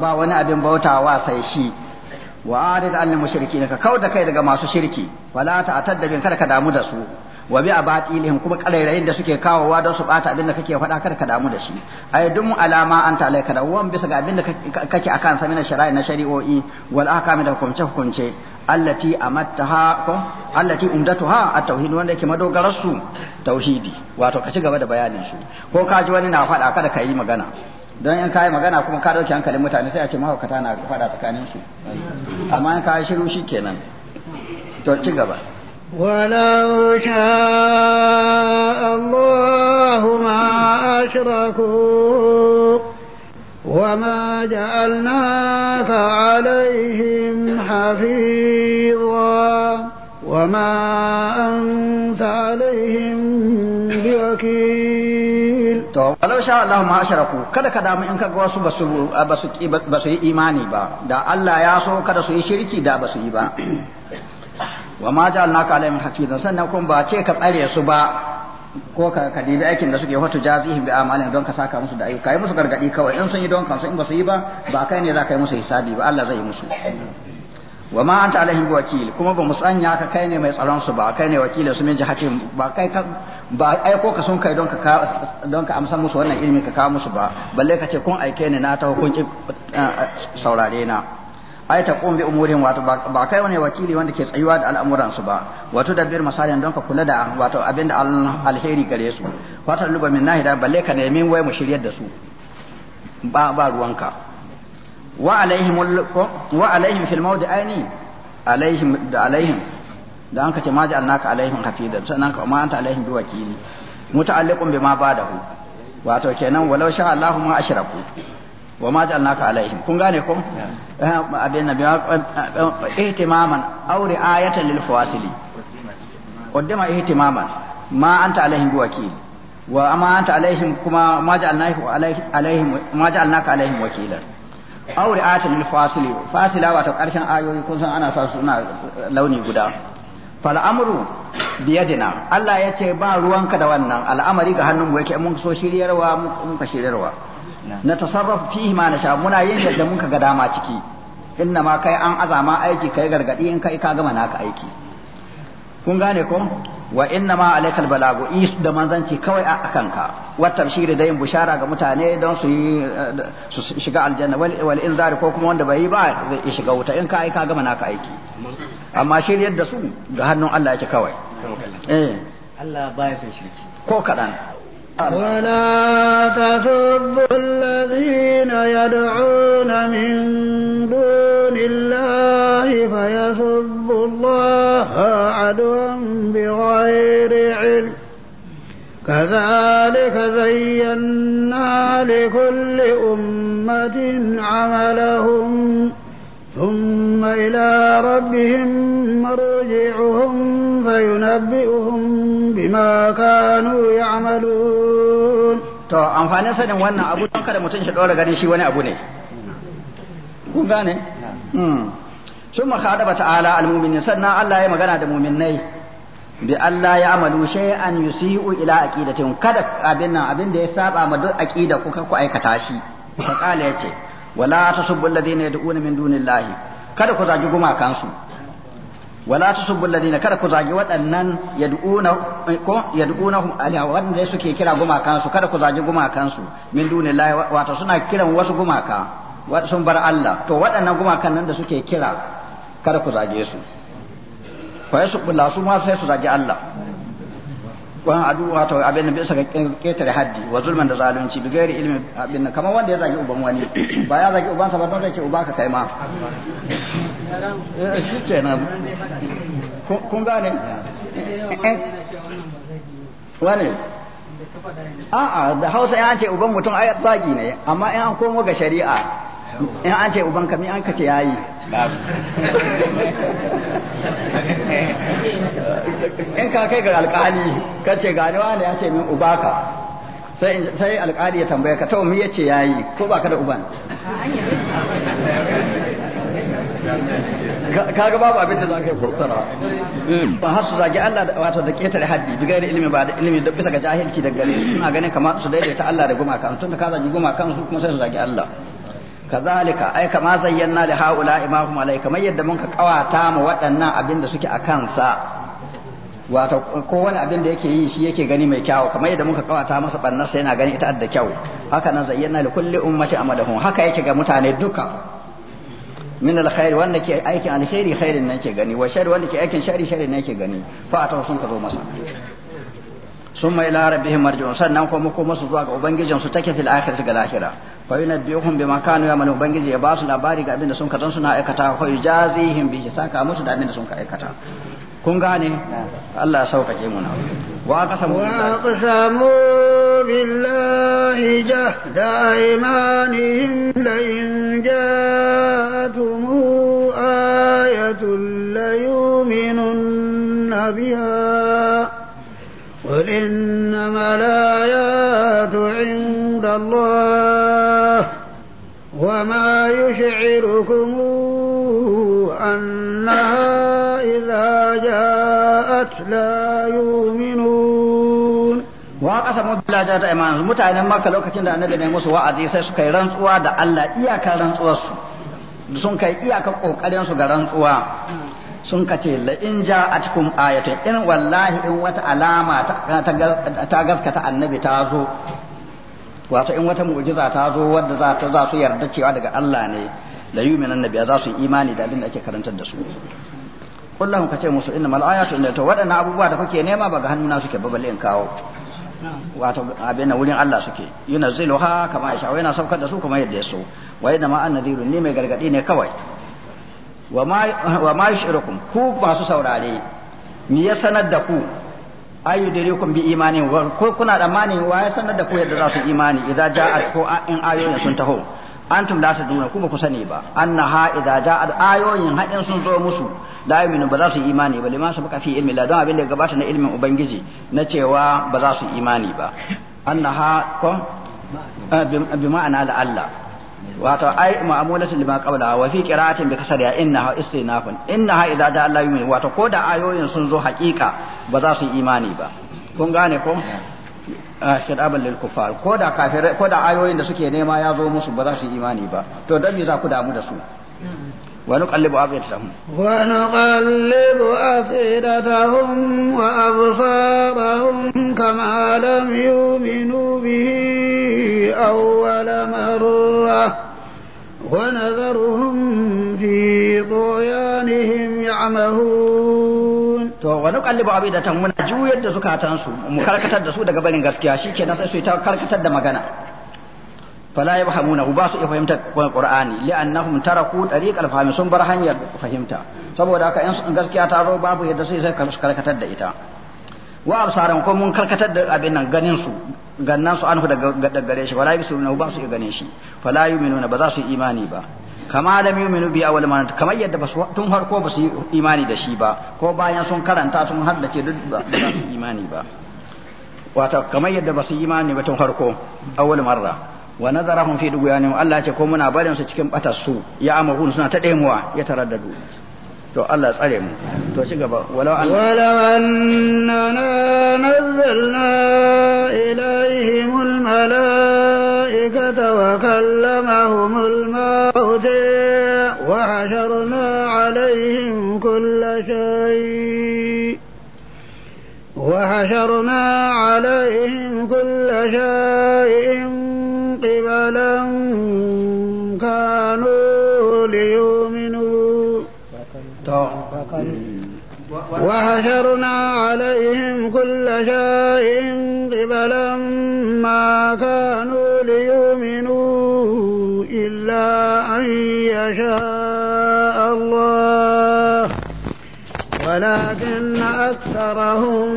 A: ba wani abin bautawa sai shi wa arid al mushrikin ka kauda kai daga masu shirki wala ta'tadda bin ka damu da su wa bi abatilihim kuma karairayin da suke kawowa don su bata abin da kake faɗa kar ka damu da shi ay dum alama anta alayka da wan bisa ga abin da kake akan sa mina shari'a na shari'o'i wal ahkam da hukunce hukunce allati amattaha ko allati umdatuha at tauhid wanda yake madogarar su tauhidi wato ka ci gaba da bayanin su ko ka ji wani na faɗa kada ka yi magana don in kayi magana kuma ka dauke hankalin mutane sai a ce mahaukata na faɗa tsakanin su amma in ka shiru shi kenan to ci gaba ولو شاء
B: الله ما أشركوا وما جعلناك عليهم حفيظا وما أنت عليهم
A: بوكيل to walau sha Allah ma asharaku kada ka damu in kaga wasu basu basu yi imani ba da Allah ya so kada su yi shirki da basu yi ba wa ma ja'alnaka alaihim hafizan sannan kun ba ce ka tsare su ba ko ka ka dibi aikin da suke hoto jazihim bi amalin don ka saka musu da ayyuka yi musu gargadi kawai in sun yi don kansu in ba su yi ba ba kai ne za ka yi musu hisabi ba Allah zai yi musu wa ma anta alaihim bi wakil kuma ba musanya ka kai ne mai tsaron su ba kai ne wakilin su min jihatin ba kai ka ba aiko ka sun kai don ka don ka amsa musu wannan ilimi ka kawo musu ba balle ka ce kun aike ni na ta hukunci eh, saurare na ai ta kombe umurin wato ba kai wani wakili wanda ke tsayuwa da al'amuran su ba wato da bir misalin don ka kula da wato abinda alheri gare su wato luba min nahida balle ka nemi wai mu shiryar da su ba ba ruwanka wa alaihim wa alaihim fil mawdi aini alaihim da alaihim da an ka ce ma ja'alnaka alaihim hafida sannan ka ma anta alaihim bi wakili muta'alliqun bima ba'dahu wato kenan walau sha Allahumma ma ashraku wa ma ja'alnaka alaihim kun gane ko abin nabi ihtimaman aw ri'ayatan lil fawasili qaddama ihtimaman ma anta alaihim wakil wa amma anta alaihim kuma ma ja'alnaka alaihim ma ja'alnaka alaihim wakila aw ri'ayatan lil fawasili fasila wa ta karshen ayoyi kun san ana sa suna launi guda fal amru biyadina Allah ya ce ba ruwanka da wannan al'amari ga hannun mu yake mun so shiryarwa mun ka shiryarwa na tasarrafu fihi ma nasha muna yin yadda mun ga dama ciki inna ma kai an azama aiki kai gargadi in kai ka gama naka aiki kun gane ko wa inna ma alaikal balagu is da manzanci kawai a kanka wa tabshiri da yin bushara ga mutane don su yi su shiga aljanna wal inzari ko kuma wanda bai yi ba zai shiga wuta in kai ai ka gama naka aiki amma shiryar da su ga hannun Allah yake kawai eh Allah baya son shirki ko kadan ولا تسبوا الذين
B: يدعون من دون الله فيسبوا الله عدوا بغير علم كذلك زينا لكل أمة عملهم ثم إلى ربهم مرجعهم فينبئهم بما
A: كانوا يعملون to amfanin sanin wannan abu don kada mutum shi dora ganin shi wani abu ne kun gane hmm. sun makadaba ta'ala al-mu'minin sannan Allah ya magana da muminai. bi Allah ya amalu shay'an yusi'u ila aqidatin kada abin nan abin da ya saba ma duk aqida kuka ku aikata shi fa qala yace wala tasubbu alladhina yadu'una min dunillahi kada ku zagi gumakansu wala tasubbu alladhina kada ku zagi waɗannan yad'una ko yad'unahum ala wanda suke kira gumakansu kada ku zagi gumakansu min dunillahi wato suna kiran wasu gumaka sun bar Allah to waɗannan gumakan nan da suke kira kada ku zage su fa yasubbu su ma sai su zagi Allah wa adu wato abin da bisa ga da haddi wa zulman da zalunci bi gairi ilmi abin kamar wanda ya zagi uban wani ba ya zagi sa ba dan zaki uba ka kai ma
C: eh, shi kenan
A: kun gane eh, eh. wane
C: a'a da hausa
A: ya ce uban mutum ai zagi ne amma in an komo ga shari'a in an ce uban mi an kace yayi in ka kai ga alƙali ka ce gani wani ya ce min ubaka sai sai alƙali ya tambaya ka to mi ya ce yayi ko baka da uban
C: ga babu abin
A: da za ka yi fassara hmm. ba har su zagi Allah da wato da ketare haddi bi gairi ilimi ba da ilimi da bisa ga jahilci da gare suna ganin kamar su daidaita Allah da gumakan da ka zagi gumakan su kuma sai su zagi Allah kazalika ai kama zayyana li haula da suke wato abin da yake yi shi yake gani mai kyau kamar yadda muka kawata masa bannar sa yana gani ita da kyau haka nan zayyana li kulli ummati amalahum haka yake ga mutane duka min alkhair wanda ke aikin alkhairi khairin nan ke gani wa shar wanda ke aikin shari shari nan ke gani fa sun ka zo masa sun mai ila rabbihim marji'un sannan kuma ko musu zuwa ga ubangijin su take fil akhirati ga lahira fa yunabbihum bima kanu ya'malun ubangiji ya ba su labari ga abinda sun kazan suna aikata fa yujazihim bihi saka musu da abinda sun ka aikata kun gane Allah ya sauƙaƙe mu na wa qasamu
B: qasamu billahi jahda aymanihim la in ja'atum ayatun la yu'minun biha قل إنما الآيات عند الله وما يشعركم أنها إذا جاءت لا يؤمنون
A: وقسموا بالله جاءت إيمان متعين مكة لو كتن النبي نموس وعدي سيسكي رنسوا دا الله إياك رنسوا sun kai iyaka kokarin su ga rantsuwa sun ka ce ja a cikin ayatun in wallahi in wata alama ta gaskata annabi ta zo wato in wata mu'jiza ta zo wadda za ta za su yarda cewa daga Allah ne la yu'minan nabiyya za su imani da abin da ake karantar da su kullum ka ce musu innamal ayatu inda to waɗannan abubuwa da kuke nema ba ga hannuna suke ba balle in kawo wato abin nan wurin Allah suke yunazziluha kama sha wai na saukar da su kuma yadda ya so wa inna ma annadhiru ne mai gargadi ne kawai wa ma yushrikum ku masu saurare me ya sanar da ku ayu dirikum bi imani ko kuna tsammani wa ya sanar da ku yadda za su imani idan ja'at ko in ayoyin sun taho antum la taduna kuma ku sani ba annaha idan ja'at ayoyin hadin sun zo musu la yu'minu ba za su imani ba liman sabaka fi ilmi la don abin da gabata na ilmin ubangiji na cewa ba za su imani ba annaha ko eh, bi ma'ana la Allah wato ai ma'amulatu lima qabla wa fi qira'atin bi kasari ya ha istinafun ha idza da Allah yumi wato ko da ayoyin sun zo haqiqa ba za su imani ba kun gane ko ah, shadaban lil kufar ko da kafir ko da ayoyin da suke nema ya zo musu ba za su imani ba to dan me za ku damu da su ونقلب أفئدتهم
B: ونقلب أفئدتهم وأبصارهم كما لم يؤمنوا به أول مرة ونذرهم في طغيانهم
A: يعمهون to wa da abidatan muna juyar da zukatansu mu karkatar da su daga barin gaskiya shi kenan sai su karkatar da magana fala yafhamunahu ba su iya fahimta qur'ani li'annahum taraku tariq al-fahm sun bar hanyar fahimta saboda haka in gaskiya ta zo babu yadda sai sai karkatar da ita wa absaran ko mun karkatar da abin nan ganin su gannan su anhu daga gare shi wala yusiruna ba su iya ganin shi fala yu'minuna ba za su imani ba kama lam yu'minu bi awwal ma kamar yadda ba tun farko ba su imani da shi ba ko bayan sun karanta sun haddace duk ba su imani ba wato kamar yadda ba su imani ba tun farko awwal marra wa nazarahum fi dughyanihim Allah ya ce ko muna barin su cikin batar su ya amahun suna ta daimuwa ya taraddadu to Allah tsare mu to ci gaba walau an walau annana nazzalna
B: ilaihim almalaikata wa kallamahum almauta wa hasharna alaihim kulla shay وحشرنا عليهم كل شيء قبلا كانوا ليؤمنوا
C: وحشرنا
B: عليهم كل شيء قبلا ما كانوا ليؤمنوا إلا أن يشاء
A: ولكن أكثرهم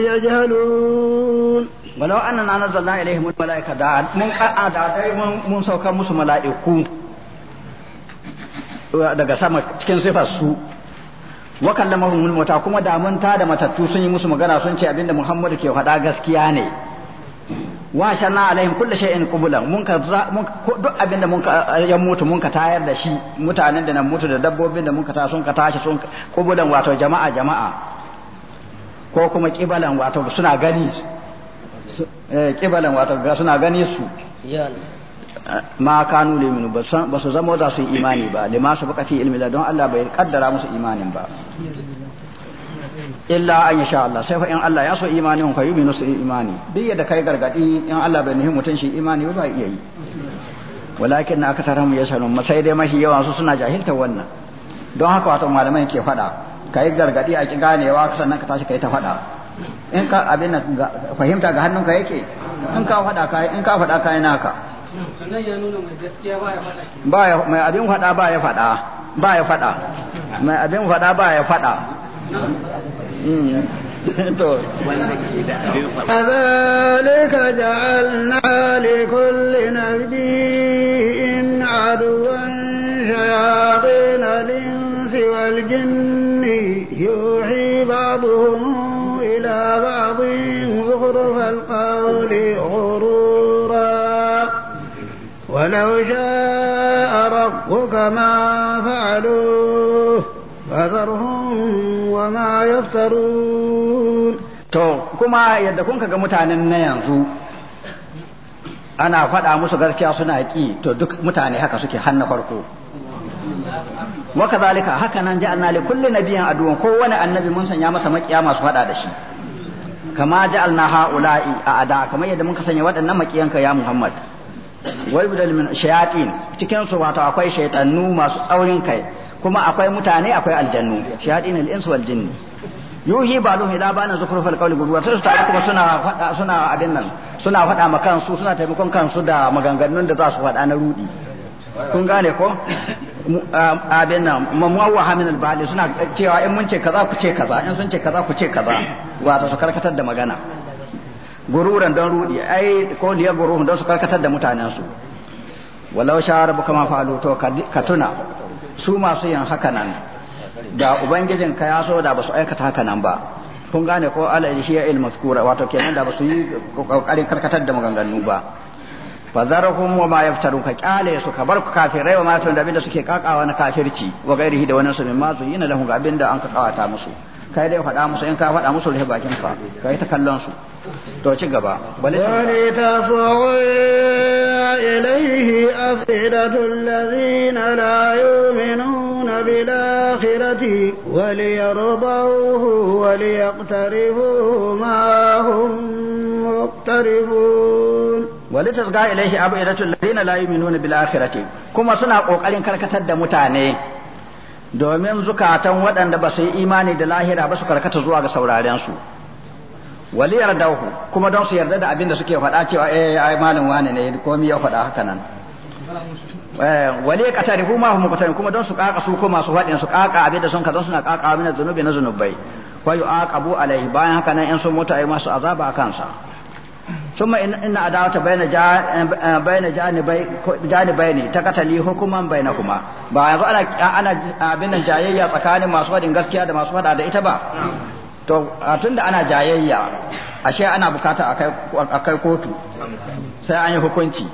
A: يجهلون ولو أننا نزلنا إليهم الملائكة دعاد من قاعد من سوكا مسو ملائكو daga sama cikin sifar su wa kallamahum al kuma da mun ta da matattu sun yi musu magana sun ce abinda Muhammadu ke faɗa gaskiya ne wa shanna alaihim kullu shay'in qubulan mun ka duk abinda mun ka ya mutu mun ka tayar da shi mutanen da nan mutu da dabbobin da mun ka ta sun ka tashi sun qubulan wato jama'a jama'a ko kuma qibalan wato suna gani eh qibalan wato suna gani su ma kanu min ba su zama za su yi imani ba ma su baka fi ilmi don Allah bai kaddara musu imanin ba illa an sha Allah sai fa in Allah ya so imanin fa yuminu su imani duk yadda kai gargadi in Allah bai nuhi mutun shi imani ba iya yi walakin na aka taramu ya sanu sai dai mashi yawan su suna jahilta wannan don haka wato malamai ke fada kai gargadi a ki ganewa sannan ka tashi kai ta fada in ka abin fahimta ga hannunka yake in ka fada kai in ka fada kai naka
C: sannan ya nuna mai gaskiya ba ya fada
A: ba ya mai abin fada ba ya fada ba ya fada mai abin fada ba ya fada كذلك
B: طيب. جعلنا لكل نبي عدوا شياطين الإنس والجن يوحي بعضهم إلى بعض زخرف القول غرورا ولو شاء ربك ما فعلوه
A: فذرهم وما يفترون to kuma yadda kun ga mutanen na yanzu ana faɗa musu gaskiya suna ƙi to duk mutane haka suke hannu farko wa kadhalika haka nan ja'alna li kulli nabiyyin aduwan kowane annabi mun sanya masa makiya masu faɗa da shi kama ja'alna ha'ula'i a ada kamar yadda muka sanya waɗannan makiyanka ya Muhammad wa min shayatin cikin su wato akwai shaytanu masu tsaurin kai kuma akwai mutane akwai aljannu shayatin al-ins wal jinn yuhi baluhum ila bana zukhruf al-qawli gurwa sai su kuma suna faɗa suna abin nan suna fada ma kansu suna taimakon kansu da maganganun da za su faɗa na rudi kun gane ko abin nan mamuwa hamin al-bali suna cewa in mun ce kaza ku ce kaza in sun ce kaza ku ce kaza wato su karkatar da magana gururan don rudi ai ko liya gururun don su karkatar da mutanensu walau sha rabu kama fa'alu to ka tuna su masu yin haka nan da ubangijin ka ya so da ba su aikata haka nan ba kun gane ko Allah ya shiya ilmu kura wato kenan da ba su yi kokarin karkatar da maganganu ba fazarhum wa ma yaftaru ka kyale su ka bar ku kafirai wa matan da abinda suke kakawa na kafirci wa gairihi da wannan su min mazu yana lahu ga abinda an ka kawata musu kai dai faɗa musu in ka faɗa musu rufe bakin ka kai ta kallon su to ci gaba wani tafawo ilaihi
B: afidatul lazina la yu'minuna bil akhirati wal yardahu wal yaqtarifu ma hum
A: muqtarifun wali tasga ilaihi afidatul lazina la yu'minuna bil akhirati kuma suna kokarin karkatar da mutane domin zukatan waɗanda ba su yi imani da lahira ba su karkata zuwa ga sauraren su Waliyar dauhu kuma don su yarda da abin da suke faɗa cewa eh ai malam wani ne komai ya faɗa haka nan eh, wali ya katari kuma hum mukatari kuma don su kaka su kuma su faɗin su kaka abinda sun ka don suna kaka abin da zunubi na zunubai wa yu'aqabu alaihi bayan haka nan in sun mutu ai masu azaba a kansa ثم إن أداوة بين جا بين جانبي جانبين تقتلي حكما بينهما ba yanzu ana ana abin nan jayayya tsakanin masu faɗin gaskiya da masu faɗa da ita ba to a tunda ana jayayya ashe ana bukata a kai kotu sai an yi hukunci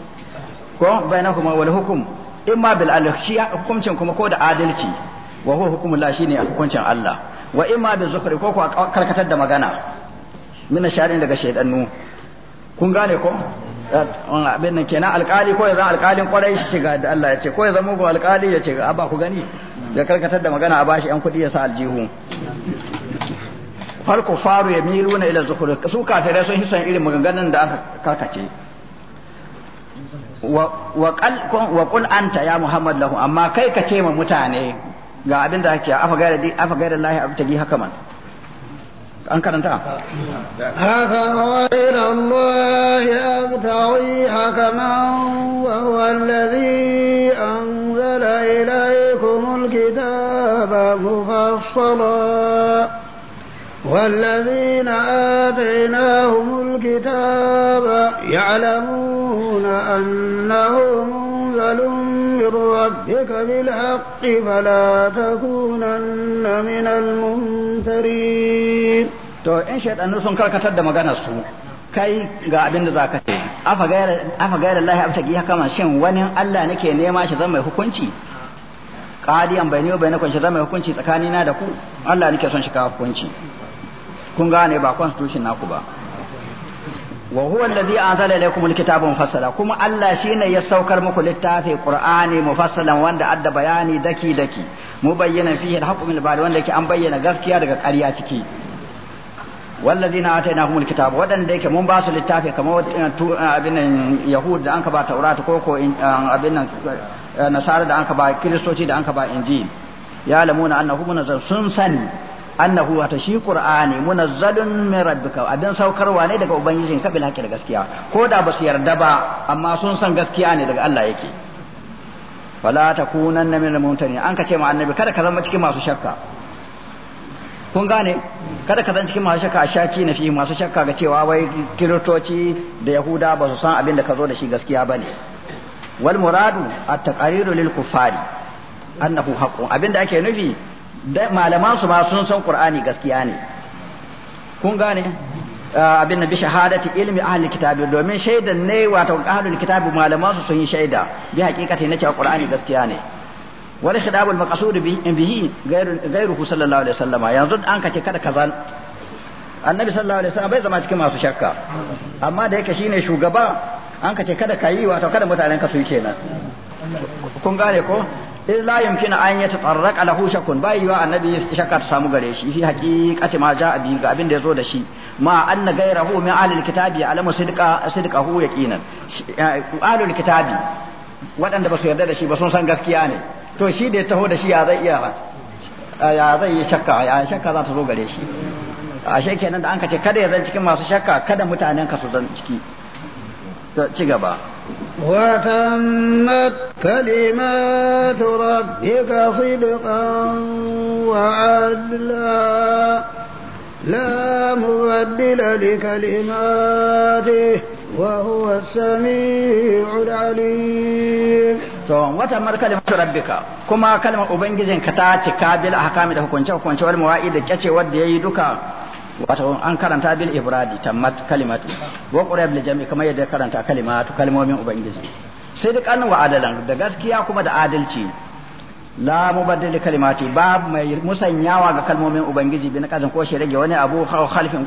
A: ko bayan kuma wani hukum ma bil alhi hukuncin kuma ko da adalci wa huwa hukumul la shine hukuncin Allah wa ma bi zukhri ko ko karkatar da magana min sharin daga shaydanu kun gane ko abin nan kenan alkali ko yanzu zama alkalin kwarai shi ce ga da Allah ya ce ko yanzu zama mugun alkali ya ce ga ba ku gani ya karkatar da magana a bashi yan kuɗi ya sa aljihu faru ya kufaru yamiluna ila zuhur su kafirai sun hisan irin maganganun da aka karkace wa qul anta ya muhammad lahu amma kai ka ce ma mutane ga abin da ake afa gaira di afa gaira lahi abtagi haka man an karanta
C: Haka
B: gaira allahi abtagi haka man wa huwa alladhi anzala ilaykum alkitaba mufassala والذين آتيناهم الكتاب يعلمون أنه منزل من ربك بالحق فلا تكونن
A: من الممترين to in shaɗannu sun karkatar da maganar su kai ga abin da za ka ce afa gaira Allah ya abtagi haka man shin wani Allah nake nema shi zama mai hukunci qadiyan bayni wa bainakum shi zama mai hukunci tsakanina da ku Allah nake son shi ka hukunci kun gane ba constitution naku ba wa huwa alladhi anzala ilaykum alkitaba mufassala kuma Allah shine ya saukar muku littafi qur'ani mufassalan wanda adda bayani daki daki mubayyana fihi alhaqqu min albali wanda yake an bayyana gaskiya daga ƙarya ciki wallazina atainahumul kitaba wadanda yake mun ba su littafi kamar eh, eh, abin yahud da anka ba taurata ko ko eh, abin nasara da anka ba kristoci da anka ba injil ya lamuna annahu munazal sun sani annahu wata shi qur'ani munazzalun min rabbika abin saukarwa ne daga ubangijin ka bil haqqi da gaskiya ko da ba su yarda ba amma sun san gaskiya ne daga Allah yake fala takunanna minal mumtarin an ka ce ma annabi kada ka zama cikin masu shakka kun gane kada ka zama cikin masu shakka a shaki na fi masu shakka ga cewa wai kiristoci da yahuda ba su san abin da ka zo da shi gaskiya ba ne wal muradu at taqariru lil kuffari annahu haqqun abin da ake nufi malaman su ma sun san qur'ani gaskiya ne kun gane ah, abin da bi shahadati ilmi ahli kitabi domin shaidan ne wato ahli kitabi malaman su sun yi shaida bi haqiqati na cewa qur'ani gaskiya ne wal khidab al maqsud bihi ghayruhu sallallahu alaihi wasallam yanzu an kace kada kazan annabi sallallahu alaihi wasallam bai zama cikin masu shakka amma da yake shine shugaba an kace kada kayi wato kada mutanen ka su yi kenan kun gane ko إذ لا يمكن أن يتطرق له شك باي يوا النبي شكر سامو gare shi fi haqiqati ma a bi ga abin da yazo da shi ma anna ghayrahu min ahli alkitabi alamu sidqa sidqahu yaqinan ahli alkitabi waɗanda ba su yarda da shi ba sun san gaskiya ne to shi da ya taho da shi ya zai iya shakka ya shakka za ta zo gare shi ashe kenan da an ka ce kada ya zan ciki masu shakka kada mutanen ka su zan ciki
B: وتمت كلمات ربك صدقا وعدلا لا مبدل لكلماته وهو السميع العليم
A: to wata mar kalimatu rabbika kuma kalmar ubangijinka ta cika bil ahkami da hukunce hukunce wal da kace yi yayi duka wato an karanta bil ibradi tammat kalimatu wa qurab li jami kamar yadda karanta kalimatu kalmomin ubangiji sai da kanin wa adalan da gaskiya kuma da adalci la mubaddil kalimati ba mai musanyawa ga kalmomin ubangiji bin kazan ko shi rage wani abu khalfin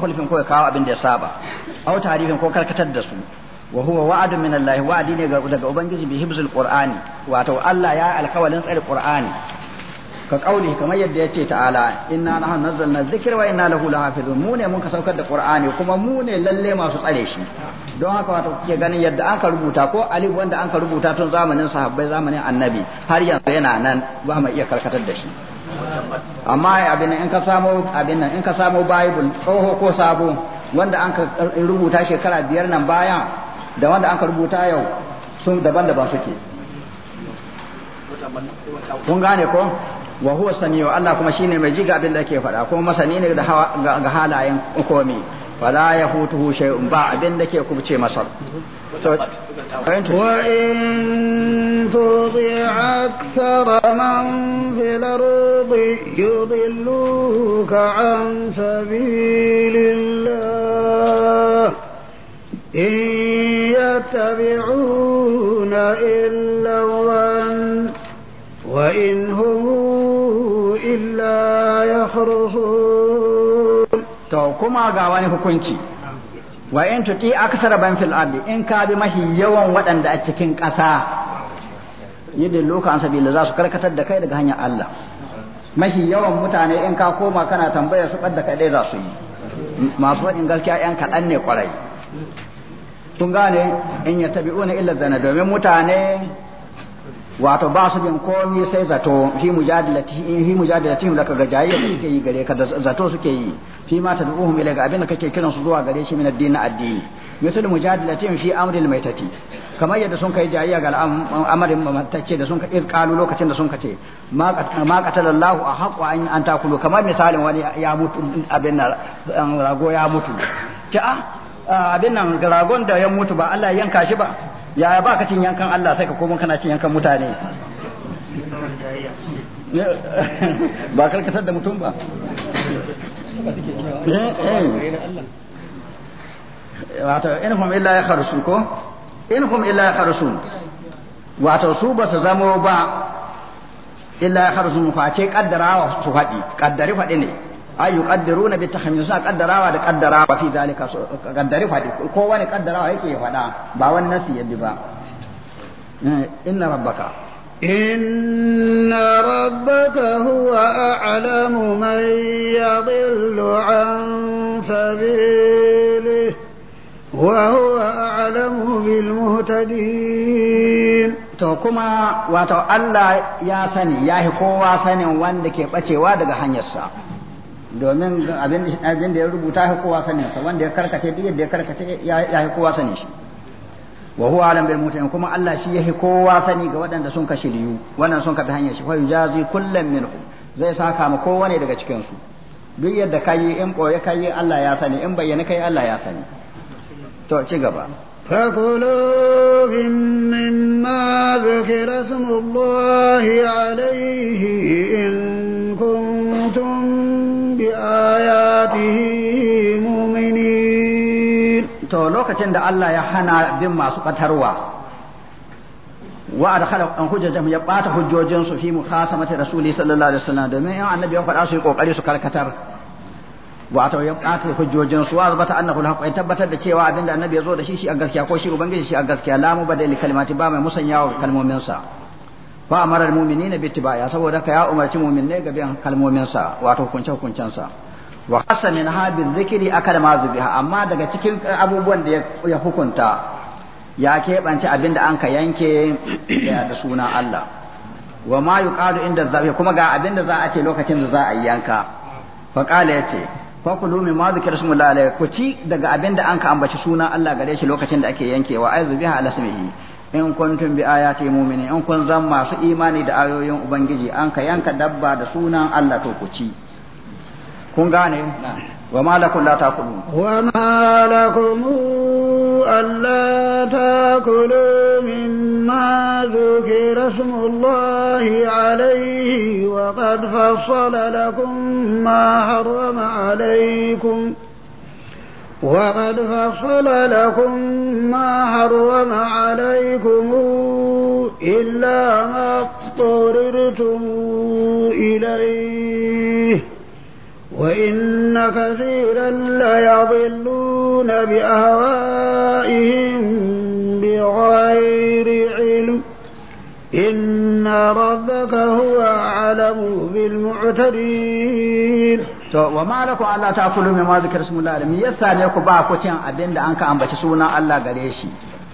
A: khalfin ko kawo abin da ya saba au tarifin ko karkatar da su wa huwa wa'd min Allah wa'di ne daga ubangiji bi hibzul qur'ani wato Allah ya alkawalin tsare qur'ani ka kauli kamar yadda yace ta'ala inna nahnu nazzalna dhikra wa inna lahu lahafizun mu ne mun ka saukar da qur'ani kuma mu ne lalle masu tsare shi don haka wato kike ganin yadda an ka rubuta ko alif wanda an ka rubuta tun zamanin sahabbai zamanin annabi har yanzu yana nan ba mu iya karkatar da shi amma abin in ka samo abin nan in ka samo bible tsoho ko sabo wanda an ka rubuta shekara biyar nan baya da wanda an ka rubuta yau sun daban-daban suke kun gane ko wa huwa wa Allah kuma shine mai ji ga abin da yake faɗa kuma masani ne ga halayen komi fala hutu shay'un ba abin da ke kubce masa in تطيع أكثر من في الأرض
B: يضلوك عن سبيل الله إن يتبعون إلا الظن in هم
A: يشعرون to kuma ga wani hukunci wa in tuti aksara ban fil ardi in ka bi mahi yawan waɗanda a cikin ƙasa yadda loka an sabila za su karkatar da kai daga hanyar Allah mahi yawan mutane in ka koma kana tambaya su ɓadda kai za su yi masu wadin gaskiya yan kaɗan ne kwarai. Tun gane in ya tabi'una illa zana domin mutane wato ba su bin komi sai zato fi mujadalati fi mujadalati da kaga jayya da suke yi gare ka da zato suke yi fi ma tad'uhum ila ga abin da kake kiran su zuwa gare shi min addini addini misal mujadalati fi amril maitati kamar yadda sun kai jayya ga amarin mamatacce da sun kai kalu lokacin da sun kace ma ma qatalallahu a haqqo an an takulu kamar misalin wani ya mutu abin nan rago ya mutu ki a ah, abin nan ragon da ya mutu ba Allah yanka shi ba yaya ba ka cin yankan Allah sai ka komo kana cin yankan mutane ba karkatar da mutum ba
C: eh, eh.
A: wato inhum illa ya kharsun ko inhum illa ya kharsun wato su ba su zamo ba illa ya ce kaddara wa su faɗi kaddari faɗi ne ay yuqaddiruna bi tahmil suna kaddarawa da kaddarawa fi zalika kaddari fadi ko wani kaddarawa yake ya fada ba wani nasi yabi ba eh, inna rabbaka إن ربك هو
B: أعلم من يضل عن سبيله
A: وهو أعلم بالمهتدين to kuma wato Allah ya sani ya kowa sanin wanda ke ɓacewa daga hanyarsa domin abin da ya rubuta ya kowa sanin sa wanda ya karkace duk da ya karkace ya yi kowa sani shi wa huwa alam bil mutain kuma Allah shi ya kowa sani ga waɗanda sun kashi riyu wannan sun kafi hanyar shi fa yujazi kullam minhum zai saka ma kowane daga cikin su duk yadda kai in boye kai Allah ya sani in bayyana kai Allah ya sani to ci gaba فكلوا
B: مما ذكر اسم الله عليه إن كنتم
A: بآياته مؤمنين to lokacin da Allah ya hana bin masu batarwa wa adkhala an hujjajam ya bata hujjojin su fi mukhasamati rasuli sallallahu alaihi wasallam domin in annabi ya faɗa su yi kokari su karkatar wa ta yabqa ta hujjojin su wa zubata annahu alhaq ya tabbatar da cewa abinda annabi ya zo da shi shi a gaskiya ko shi ubangiji shi a gaskiya la mu badal kalimati ba mai musanyawa kalmomin sa fa amara almu'minina bi tibaya saboda ka ya umarci mu'minai ga biyan kalmomin sa wato hukunce hukuncen sa wa khassa min habil zikri akal ma zubiha amma daga cikin abubuwan da ya hukunta ya keɓance abinda an ka yanke da suna Allah wa ma yuqalu inda zabi kuma ga abinda za a ce lokacin da za a yanka fa qala yace fakulu mimma zikra smullahi alayhi ku ci daga abin da ka ambaci suna Allah gare shi lokacin da ake yankewa aizu biha ala smihi in kuntum bi ayati mumini in kun zan masu imani da ayoyin ubangiji an ka yanka dabba da sunan Allah to ku ci kun gane وما لكم لا تاكلون وما لكم ألا تاكلوا مما
B: ذكر اسم الله عليه وقد فصل لكم ما حرم عليكم وقد فصل لكم ما حرم عليكم إلا ما اضطررتم إليه وإن كثيرا ليضلون بأهوائهم بغير علم
A: إن ربك هو أعلم بالمعتدين to wa malaku Allah ta kulu mimma zikr da alim yasa ne ku ba ku cin abin da anka ambaci sunan Allah gare shi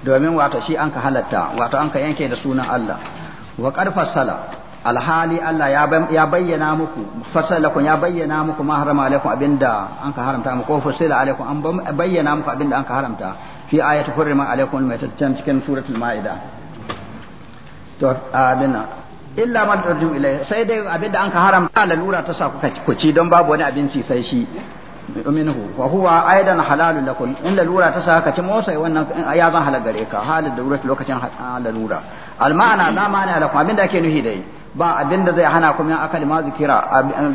A: domin wato shi anka halatta wato anka yanke da sunan Allah wa qad sala. alhali Allah ya bayyana muku fasalakun ya bayyana muku ma harama alaikum abinda an ka haramta mu. ko fasila alaikum an bayyana muku abinda an ka haramta fi ayati hurrima alaikum almaitatan cikin suratul maida to abinna illa ma tarjum ilai sai dai abinda an ka haramta lalura ta sa kuka ku ci don babu wani abinci sai shi minhu wa huwa aidan halalun lakum in lalura ta saka ci motsa wannan ya zan halal gare ka halal da lokacin lalura al ma'ana la ma'ana lakum abinda ake nuhi dai ba abinda zai hana kuma aka lima zikira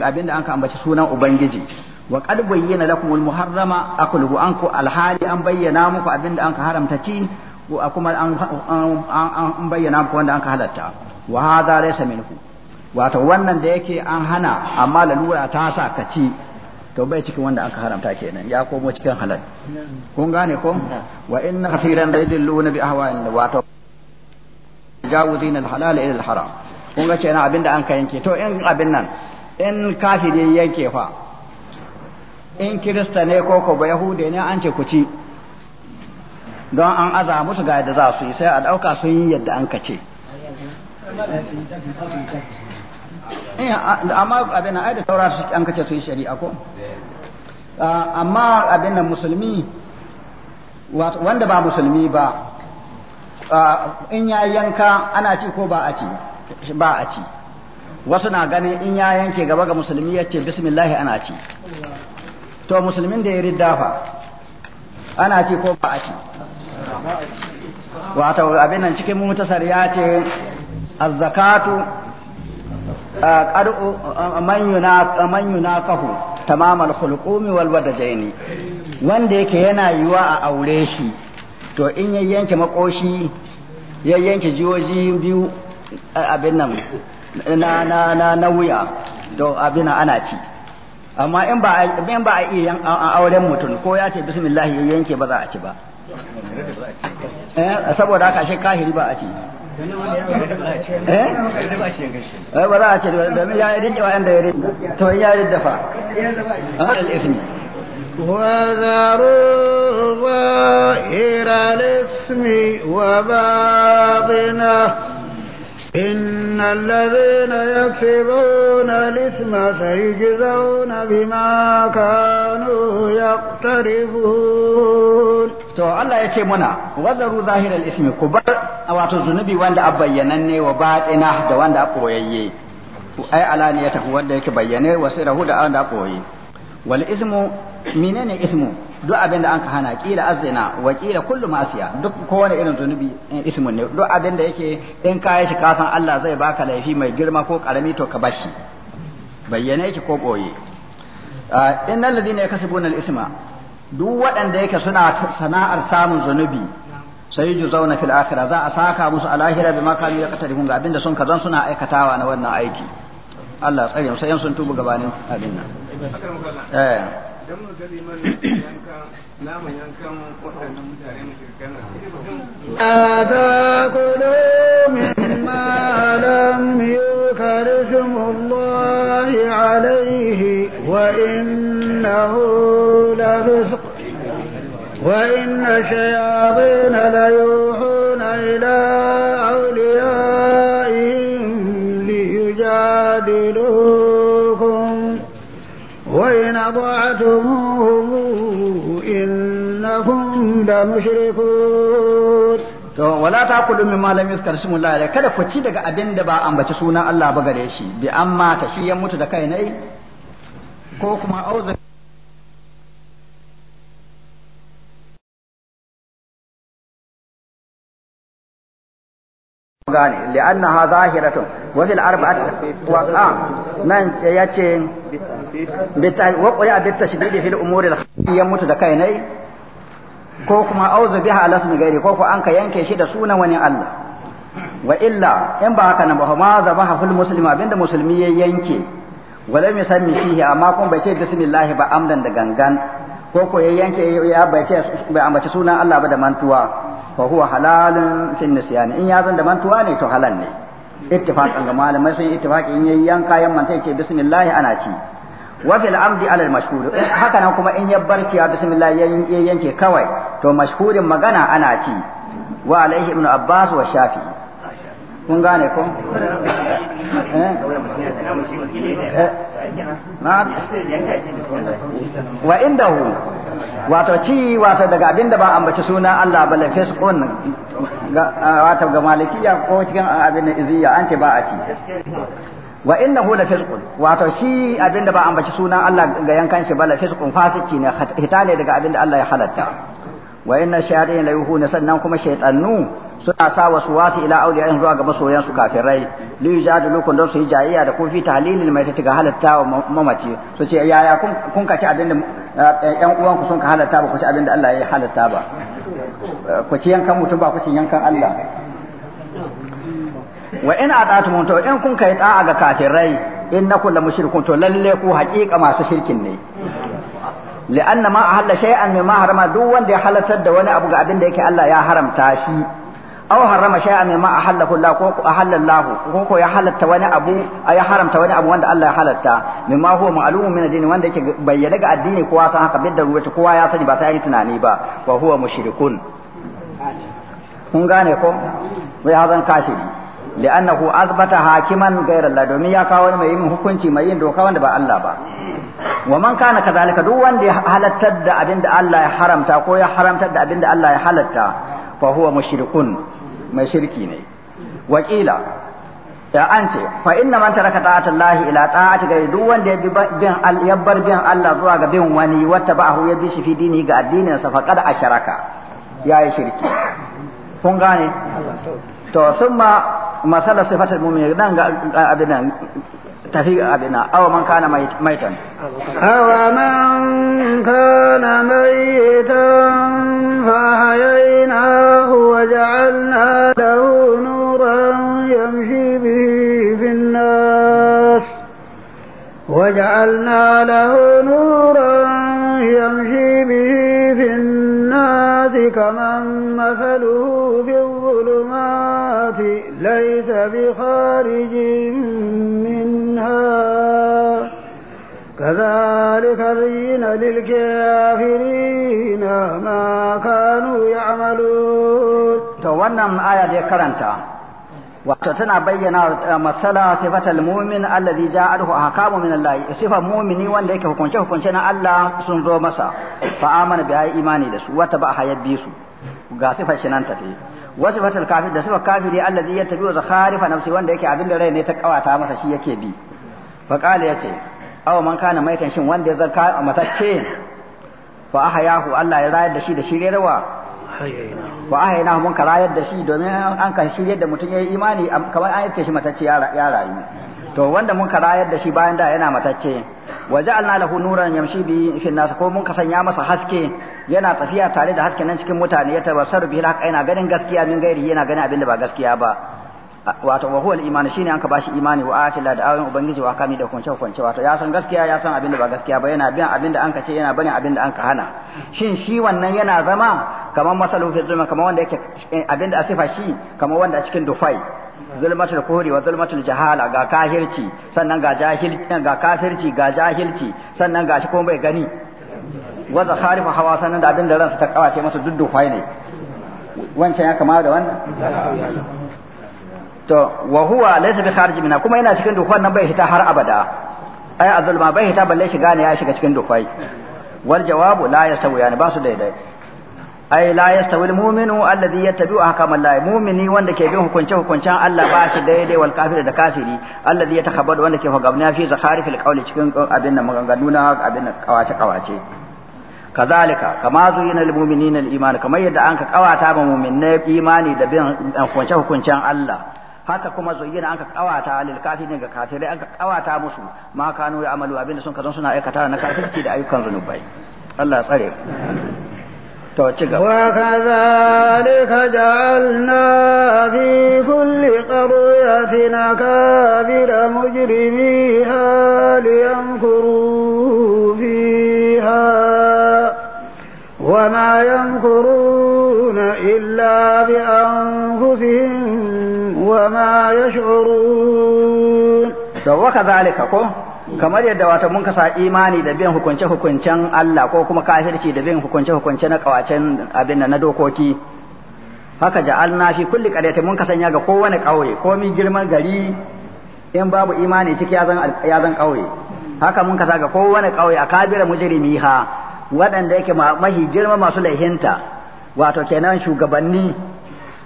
A: abinda an ka ambaci sunan ubangiji wa qad bayyana lakum al muharrama akuluhu anku al hali an bayyana muku abinda an ka haramta ci kuma an bayyana muku wanda an ka halatta wa hadha laysa minku wato wannan da yake an hana amma lalura ta sa ka ci to bai cikin wanda aka haramta kenan ya komo cikin halal kun gane ko wa inna kathiran la yadilluna bi ahwa'in wato jawuzina al halal ila al haram kun ga kenan abin da an ka yanke to in abin nan in kafiri yanke fa in kirista ne ko ko yahude ne an ce ku ci don an aza musu ga yadda za su yi sai a ɗauka sun yi yadda an ka ce eh, amma abin nan ai da saura su an ce su yi shari'a ko amma abin nan musulmi wanda ba musulmi ba in ya yanka ana ci ko ba a ci ba a ci wasu na ganin in ya yanke gaba ga musulmi ya ce bismillahi ana ci to musulmin da ya riddafa ana ci ko ba a ci wato abin nan cikin mutasar ya ce azzakatu qad'u man yuna man yunaqahu tamamal khulqumi wal wadajaini wanda yake yana yiwa a aure shi to in ya yanke makoshi ya yanke biyu Eh, abin nan na na na na wuya to abin ana ci amma in ba in ba a iya auren mutum ko ya ce bismillah ya yanke ba za a ci ba
C: eh saboda haka
A: shi kahiri ba a ci eh? eh ba za a ci domin ya rinje wa inda ya rinje to ya rinje fa al-ismi وذروا
B: ظاهر الاسم وباطنه إن الذين يكسبون الإثم سيجزون بما كانوا يقترفون
A: to Allah ya ce muna wazaru zahiral ismi ku bar wato zunubi wanda a bayyananne wa batina da wanda a koyayye ai alaniyatahu wanda yake bayyane wasu rahu da wanda a koyi wal ismu menene ismu duk abin da an ka hana kila azina wa kila kullu masiya duk kowane irin zunubi eh, ismun ne duk abin da yake in ka yi shi ka san Allah zai baka laifi mai girma ko karami to ka bashi bayyana yake ko boye ah, innal ladina yakasibuna al-isma duk waɗanda yake suna sana'ar samun zunubi sai ju zauna fil akhirah za a saka musu alahira bima kanu yaqtarihun ga abinda sun kazan suna aikatawa na wannan aiki Allah tsare mu sai sun tubu gabanin abin
C: nan eh idan mun gani mun yanka namun yankan waɗannan mutane mu kirkana a ta kudu min malam
B: yukarikin Allah alaihi wa inna hu da وإن الشياطين ليوحون إلى أوليائهم وإن أضعتموهم إنكم لمشركون
A: to wala ta kudu min shi mun smulla kada ku ci daga abinda da ba ambaci sunan Allah ba gare shi bi amma ta shi ya mutu da kai nai
D: ko kuma auza gane li'annaha zahiratun wa fil arba'at wa qam ah, nan yace
C: wa
A: fil ya mutu da kai nai ko kuma auzu biha ala gairi ko ko an ka yanke shi da sunan wani Allah wa illa in ba haka nan ba ma zabaha fil abinda musulmi ya yanke wala misanni fihi amma kun bai ce bismillah ba amdan da gangan ko ko ya yanke ya bai ce bai ambaci sunan Allah ba da mantuwa fa huwa halalun fi nisyan in ya san da mantuwa ne to halal ne ittifaqan ga malamai sun ittifaqi in yayi yanka yan manta yace bismillah ana ci wa fil amdi ala al mashhur haka nan kuma in ya barci ya bismillah ya yanke kawai to mashhurin magana ana ci wa alaihi ibn abbas wa shafi kun gane ko
C: eh? Eh?
A: wa indahu wato ci wato daga abinda ba ambaci suna Allah ba lafis kun wato ga malikiya ko cikin abin iziya an ce ba a ci wa innahu lafis kun wato shi abinda ba ambaci suna Allah ga yankan shi ba lafis kun fasici ne hitale daga abinda Allah ya halatta wa inna shayatin la yuhuna sannan kuma shaytanu suna sa wasu wasu ila auliya zuwa ga masoyan su kafirai li yujadilukum don su yi jayayya da kofi tahlilil mai ta halatta wa mamaci su ce yaya kun kun kaci abinda eh, yan uwan ku sun ka halatta ba ku ci abinda Allah ya halatta ba ku ci yankan mutum ba ku ci yankan Allah wa in atatu to in kun kai da'a ga kafirai innakum la mushrikun to lalle ku haƙiƙa masu shirkin ne li'anna ma ahalla shay'an mimma harama duk wanda ya halatta da wani abu ga abinda yake Allah ya haramta shi aw harrama shay'an mimma ahallahu Allah ko ko ahallallahu ko ko ya halatta wani abu ya haramta wani abu wanda Allah ya halatta mimma huwa ma'lumun min ad wanda yake bayyana ga addini kowa san haka bidda ruwata kowa ya sani ba sai yi tunani ba wa huwa mushrikun kun gane ko bai hazan kafiri li'annahu azbata hakiman ghayra Allah domin ya kawo wani mai yin hukunci mai yin doka wanda ba Allah ba wa man kana kadhalika duk wanda ya halattar da abinda Allah ya haramta ko ya haramtar da abinda Allah ya halatta fa huwa mushrikun mai shirki ne wakila ya an ce fa inna man taraka ta'atallahi ila ta'ati gari duk wanda bin ya bar bin Allah zuwa ga bin wani wata ba'ahu ya bi shi fi dini ga addinin sa faqad asharaka yayi shirki kun gane to summa masala sifatul mu'min dan ga abinan تفيق أبنا أو من كان ميتا أو من كان ميتا
B: فحييناه وجعلنا له نورا يمشي به في الناس وجعلنا له نورا يمشي به في الناس الظلمات كمن مثله في الظلمات ليس بخارج منها كذلك زين للكافرين ما
A: كانوا يعملون to wannan aya da ya karanta wato tana bayyana eh, masala sifatal mu'min allazi ja'ahu ahkamu min Allah sifar mu'mini wanda yake hukunce hukunce na Allah sun zo masa fa amana bi ayi imani da su wata ba hayyabi su ga sifar shi nan tafi wasu fatal kafir da sifar kafiri allazi ya tabi wa zakharifa nafsi wanda yake abinda rai ne ta kawata masa shi yake bi fa qala yace aw man kana maitan shin wanda ya zaka matacce fa ahayahu Allah ya rayar da shi da shiryarwa wa ahayna mun ka da shi domin an ka shirye da mutum yayi imani kamar an iske shi matacce ya rayu to wanda mun karayar da shi bayan da yana matacce wa ja'alna lahu nuran yamshi bi fi nas ko mun kasanya masa haske yana tafiya tare da hasken nan cikin mutane ya tabassaru bi haka yana ganin gaskiya min gairi yana ganin abin da ba gaskiya ba wato wa huwa al-iman shine an ka bashi imani wa atila la awin ubangiji wa kami da kunce kunce wato ya san gaskiya ya san abin da ba gaskiya ba yana bin abin da an ka ce yana bane abin da an ka hana shin shi wannan yana zama kamar masalufi zuma kamar wanda yake eh, abin da asifa shi kamar wanda a cikin dufai zulmatul Kuri wa zulmatul jahala ga kahirci sannan ga jahilci ga kafirci ga jahilci sannan gashi kuma bai gani wa zakharifu hawa sannan da abin da ransa ta kawace masa duddufai ne wancan ya kama da wannan to wa huwa laysa bi kharij minna kuma yana cikin dukwan nan bai hita har abada ai azulma bai hita balle shiga ne ya shiga cikin dukwai wal jawabu la yasawiyani yani ba su daidai ai la yastawi almu'minu alladhi mu'mini wanda ke bin Allah ba shi daidai wal kafiri alladhi yatakhabbadu wanda ke hagabna fi zakharifil qawli cikin abin nan maganganu kazalika kama zuyina lil mu'minina al iman kamar yadda haka kuma kawata lil kafirin ga kafirai kawata musu ma kanu ya amalu abinda sun suna aikata na kafirci da ayyukan zunubai Allah ya tsare to ci gaba wa kadhalika ja'alna fi kulli
B: qaryatin akabira mujrimiha liyamkuru fiha wa ma yamkuruna illa bi anfusihim wa ma
A: yash'urun to wa kadhalika ko kamar yadda wato mun kasa imani da bin hukunce-hukuncen Allah ko kuma kafirci da bin hukunce-hukunce na kawacen abin da na dokoki haka ja'alna fi kulli qaryatin mun kasanya ga kowane kauye komi girman gari in babu imani ciki ya zan ya zan kauye haka mun kasa ga kowane kauye akabira ha waɗanda yake mahi girma masu laihinta wato kenan shugabanni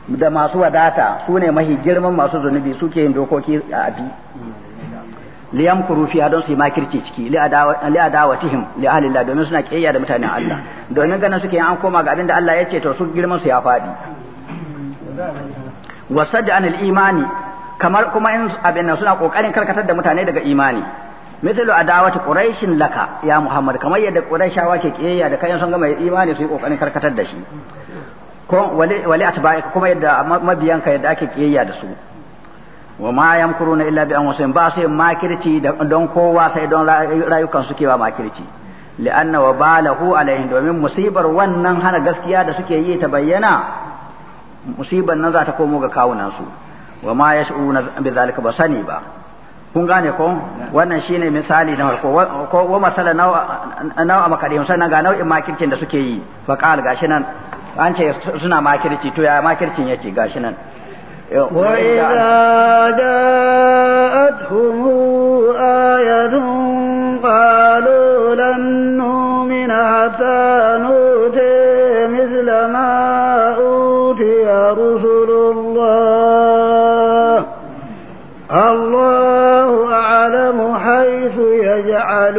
A: da masu wadata su ne mahi girman masu zunubi suke yin dokoki a abi liyam kurufiya don su yi makirci ciki li adawatihim li ahlillah domin suna kiyayya da mutanen Allah domin ganin suke an koma ga abin da Allah ya ce to su girman su ya fadi an al imani kamar kuma in abin nan suna kokarin karkatar da mutane daga imani mithlu adawati quraishin laka ya muhammad kamar yadda quraishawa ke kiyayya da kayan sun gama imani su yi kokarin karkatar da shi ko wali wali atba'ika kuma yadda mabiyanka yadda ake kiyayya da su wa ma yamkuruna illa bi anfusihim ba su makirci don kowa sai don rayukan su kewa makirci li'anna wa balahu alaihim domin musibar wannan hana gaskiya da suke yi ta bayyana musibar nan za ta komo ga kawunan su wa ma yash'uruna bi zalika ba sani ba kun gane ko wannan shine misali na farko wa masala a makarim sannan ga nau'in makircin da suke yi fa qal gashi nan an ce suna makirci to ya makircin yake gashi nan وإذا
B: جاءتهم آية قالوا لن نؤمن حتى نؤتي مثل ما أوتي رسل الله الله أعلم حيث يجعل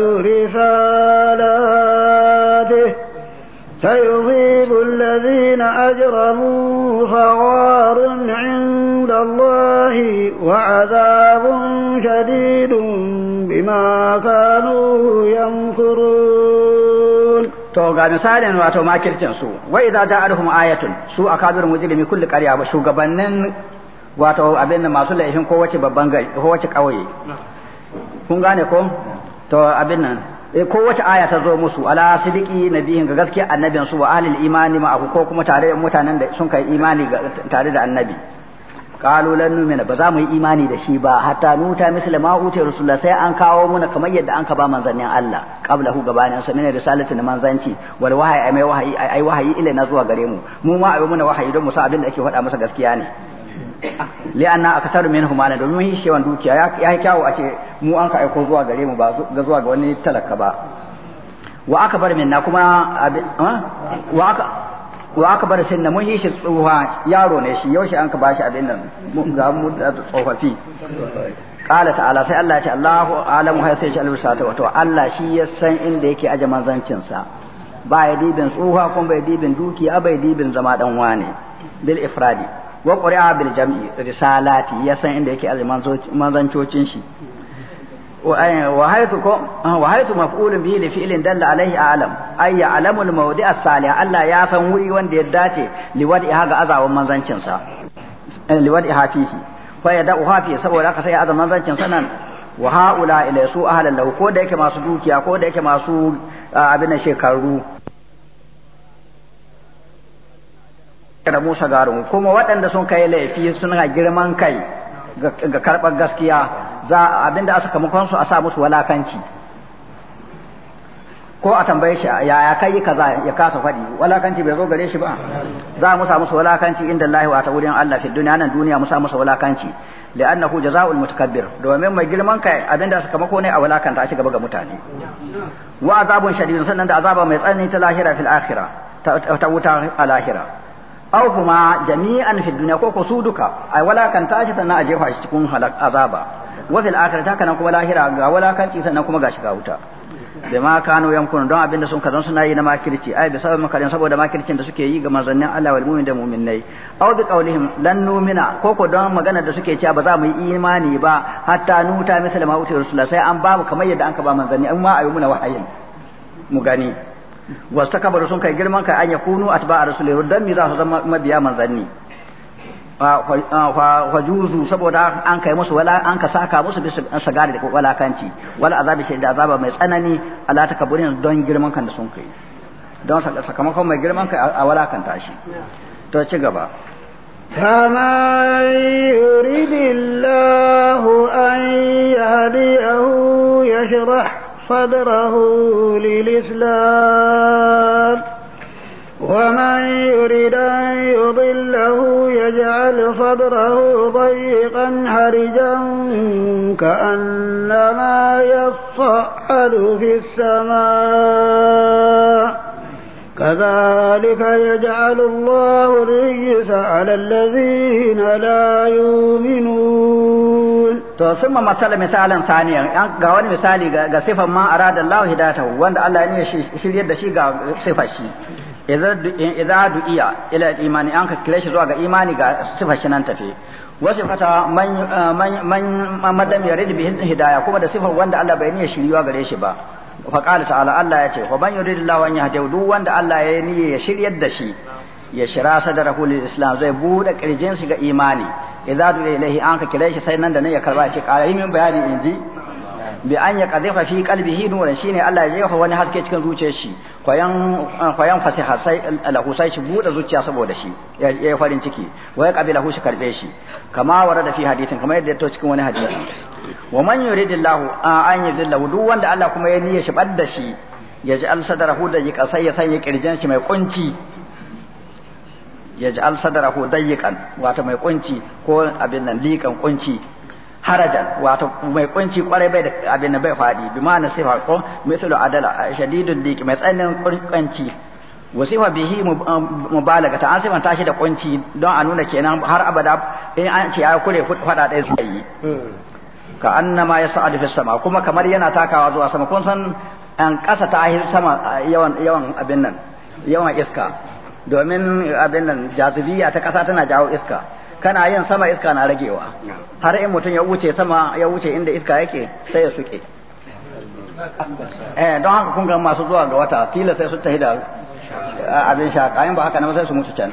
B: رسالاته سيصيب الذين أجرموا صغار عذاب شديد بما كانوا يمكرون
A: to ga misalin wato makircin su wa idza ja'alhum ayatun su akabir mujrimi kulli qarya ba shugabannin wato abin da masu laifin ko wace babban gari ko wace kauye kun gane ko to abin nan eh, ko wace aya ta zo musu ala sidiki nabiyin ga gaskiya annabin su wa ahlil imani ma ko kuma tare da mutanen da sun kai imani tare da annabi qalu lan nu'mina ba za mu yi imani da shi ba hatta nuta misla ma uti rasulullah sai an kawo muna kamar yadda an ka ba manzannin Allah qablahu gabanin sa min risalatin manzanci wal wahayi ai mai wahayi ai wahayi ila na zuwa gare mu mu ma ai muna wahayi don mu san abin da ake faɗa masa gaskiya ne li'anna aktaru minhum ala domin mun yi shewan dukiya ya yi kyawu a ce mu an ka aiko zuwa gare mu ba zuwa ga wani talaka ba wa aka bar minna kuma ah? wa aka wa aka bar sinna mun yi shi tsuwa yaro ne shi yaushe an ka bashi abin nan mun ga mu da tsofaffi qala ta'ala sai Allah ya ce Allahu alamu hay sai shi al-wasata wato Allah shi ya san inda yake aje manzancin sa ba ya dibin tsuwa kuma bai dibin dukiya bai dibin zama dan wane bil ifradi wa qur'a bil jam'i risalati ya san inda yake aje manzancocin shi وحيث مفعول به alam دل عليه أعلم أي يعلم الموضع الصالح الله يا سن وري وند يداتي لودعها ga azawan manzancin sa liwad'iha fihi fa yad'uha fi saboda haka sai ya azaman manzancin sa nan wa haula ila su ahlan lahu ko da yake masu dukiya ko da yake masu abin da shekaru da Musa garin kuma waɗanda sun kai laifi suna girman kai ga karɓar gaskiya za abinda a sakamakon su a sa musu walakanci ko a tambaye shi yaya kai kaza ya kasa faɗi walakanci bai zo gare shi ba za mu sa musu walakanci inda Allah wa ta wurin Allah fi duniya nan duniya mu sa musu walakanci li'annahu jazaa'ul mutakabbir domin mai girman kai abinda sakamako ne a walakanta shi gaba ga mutane wa azabun shadid sannan da azaba mai tsanani ta lahira fil akhirah ta wuta a lahira aw huma jami'an fi dunya ko ko su duka ai ta shi sannan a jefa shi cikin halak azaba wa fil akhirati kana kuma lahira ga ci sannan kuma gashi ga wuta da ma kano yankun don abin da sun kazan suna yi na makirci ai da sabon makarin saboda makircin da suke yi ga manzannin Allah wal mu'min da mu'minnai aw bi qawlihim lan nu'mina ko ko don magana da suke cewa ba za mu yi imani ba hatta nuta misal ma uti rasulullah sai an ba mu kamar yadda an ka ba manzanni amma ayu muna wahayin mu gani wasta kabaru sun kai girman kai an ya kunu atba'a rasulihi don mi za su zama mabiya manzanni fa juzu saboda an kai musu wala an ka saka musu sa sagari da walakanci wala azabi shi da azaba mai tsanani a ala takabburin don girman kan da sun kai don sakamakon mai girman kai a wala kan tashi. to ci gaba
B: صدره للإسلام ومن يرد أن يضله يجعل صدره ضيقا حرجا كأنما يصعد في السماء كذلك يجعل الله الرجس على الذين لا يؤمنون
A: to sun ma matsala misalin saniyan ga wani misali ga sifan ma arada Allah hidatahu wanda Allah ya shiryar da shi ga sifar shi idza du'iya ila imani an ka kire shi zuwa ga imani ga sifar shi nan tafi wa sifata uh, man man man lam yarid hidaya kuma da sifar wanda Allah bai niyya shiriwa gare shi ba fa qala ta'ala Allah ya ce wa man yuridillahu an yahdihi duk wanda Allah ya niyya ya shiryar da shi ya shira sadarahu lil islam zai buɗe ƙirjinsu ga imani idza du ilahi an ka kire shi sai nan da nan ya karba ya ce ƙara min bayani in ji bi an ya qadhifa fi qalbihi nuran shine Allah ya jefa wani haske cikin zuciyar shi kwayan eh, kwayan fasiha sai lahu sai shi buɗe zuciya saboda shi ya yi farin ciki wa ya qabilahu shi karbe shi kama warada fi hadithin kama yadda ya to cikin wani hadisi wa man yuridillahu an yudillahu duk wanda Allah kuma ya niyya shi badda shi ya ji al sadrahu da yaka sai ya sanya kirjin shi mai kunci yaj'al sadrahu dayyiqan wato mai kunci ko abin nan likan kunci harajan wato mai kunci kwarai bai da abin nan bai fadi bi ma'ana sifa ko misalu adala shadidul dik mai tsanin kunci wasifa bihi um, mubalaga ta asiban tashi da kunci don a nuna kenan har abada in an ce ya kure fada dai sai yi hmm. ka annama yas'adu fis sama kuma kamar yana takawa zuwa sama kun san an kasa ta sama yawan yawan abin nan yawan iska domin abin nan jazibiya ta ƙasa tana jawo iska kana yin sama iska na ragewa har in mutum ya wuce sama ya wuce inda iska yake sai ya suke eh don haka kun ga masu zuwa ga wata tila sai su tahida abin shaka in ba haka na sai su mutu can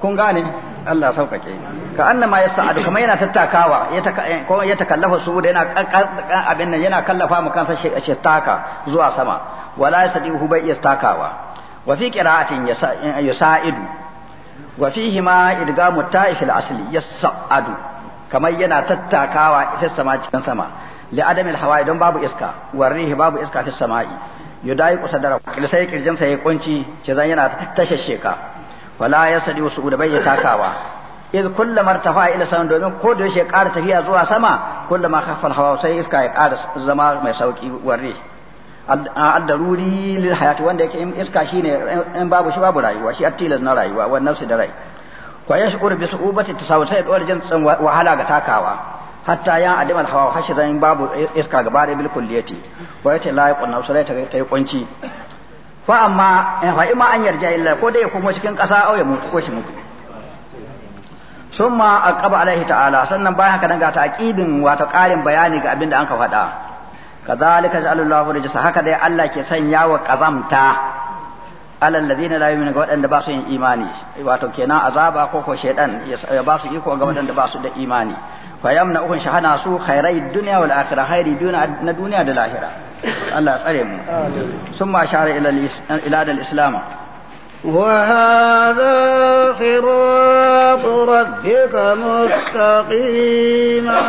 A: kun gane Allah sauƙaƙe ka annama ya sa'adu kuma yana tattakawa eh, ko ya takallafa su da yana abin nan yana kallafa mu kansa shi taka zuwa sama wala ya sadi bai iya takawa وفي قراءة يسائد وفيهما إدغام التاء في الأصل يسعد كما ينا تتاكاوا في السماء كان سما لعدم الهواء دون باب إسكا وريه باب إسكا في السماء يدائق قصدر لسي كرجن سي قنشي جزا ينا تششيكا ولا يسعد وسعود بي يتاكاوا إذ كل ما ارتفع إلى سماء دون كود يشي قارت فيها زوا سما كل ما خف الهواء سي إسكا قارت ما يسوكي وريه ad-daruri lil hayati wanda yake iska shine in babu shi babu rayuwa shi at-tilas na rayuwa wa nafsi da rai wa shukuru bi su'ubati tasawut da dawar jin tsan wahala ga takawa hatta ya adim al-hawa hashi zan babu iska ga bare bil kulliyati wa yata la yaqul nafsu rai ta yi kunci fa amma in eh, fa imma an yarja illa ko dai kuma cikin kasa au ya mutu ko shi mutu summa aqaba alaihi ta'ala sannan bayan haka dan ga ta aqidin wato qarin bayani ga abin da an ka faɗa kazalika ja'alallahu rijsa haka dai Allah ke sanya wa kazamta alal ladina la yu'minu ga waɗanda ba su yin imani wato kenan azaba ko ko shaydan ya ba su iko ga waɗanda ba su da imani fa yamna uhun shahana su khairai dunya wal akhirah khairi dunya na duniya da lahira Allah ya tsare mu summa shara ila ila al islam وهذا
B: صراط ربك مستقيما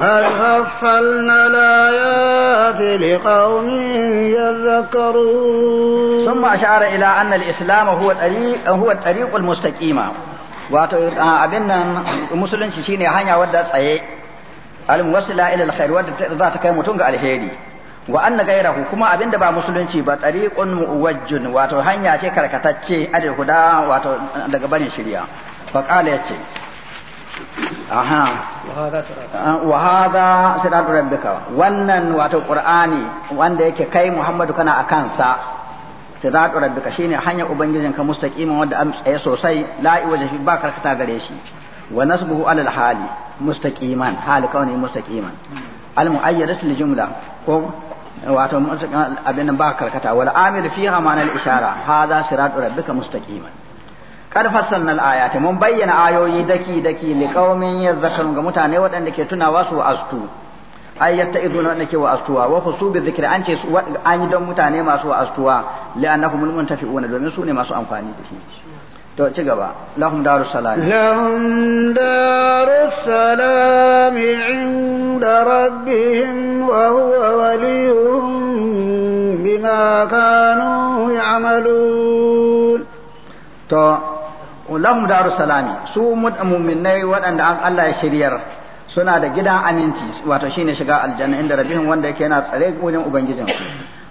B: هل غفلنا
A: الآيات لقوم يذكرون ثم أشار إلى أن الإسلام هو الطريق هو الطريق المستقيم wato abin nan musulunci shine hanya wadda tsaye almuwassila ila alkhair wadda za ta kai mutum ga alheri wa anna gairahu kuma abinda ba musulunci ba tariqun muwajjun wato hanya ce karkatacce adil guda wato daga barin shirya fa qala yace aha wahada siratu ah, rabbika wannan wato qur'ani wanda yake kai muhammadu kana a kansa siratu rabbika shine hanyar ka mustaqimin wanda an tsaye sosai la iwaja shi ba karkata gare shi wa nasbuhu alal hali mustaqiman hali kawai mustaqiman hmm. al mu'ayyadat li jumla ko wato abin ba karkata wal amil fiha ma'ana al ishara hada siratu rabbika mustaqiman qad fassalna al-ayati mun bayyana ayoyi daki daki li qaumin yadhakkarun ga mutane waɗanda ke tunawa su astu ayyata yattaizuna waɗanda ke wa astuwa wa khusu bi dhikri an ce an yi don mutane masu wa astuwa li annahum muntafi'una domin su ne masu amfani da shi to ci gaba lahum darus salam lahum darus salam inda rabbihim wa
B: huwa waliyuhum bima kanu
A: ya'malun to lahum daru salami su mu'minai waɗanda an Allah ya shiryar suna da gidan aminci wato shine shiga aljanna inda rabihim wanda yake yana tsare wajen ubangijin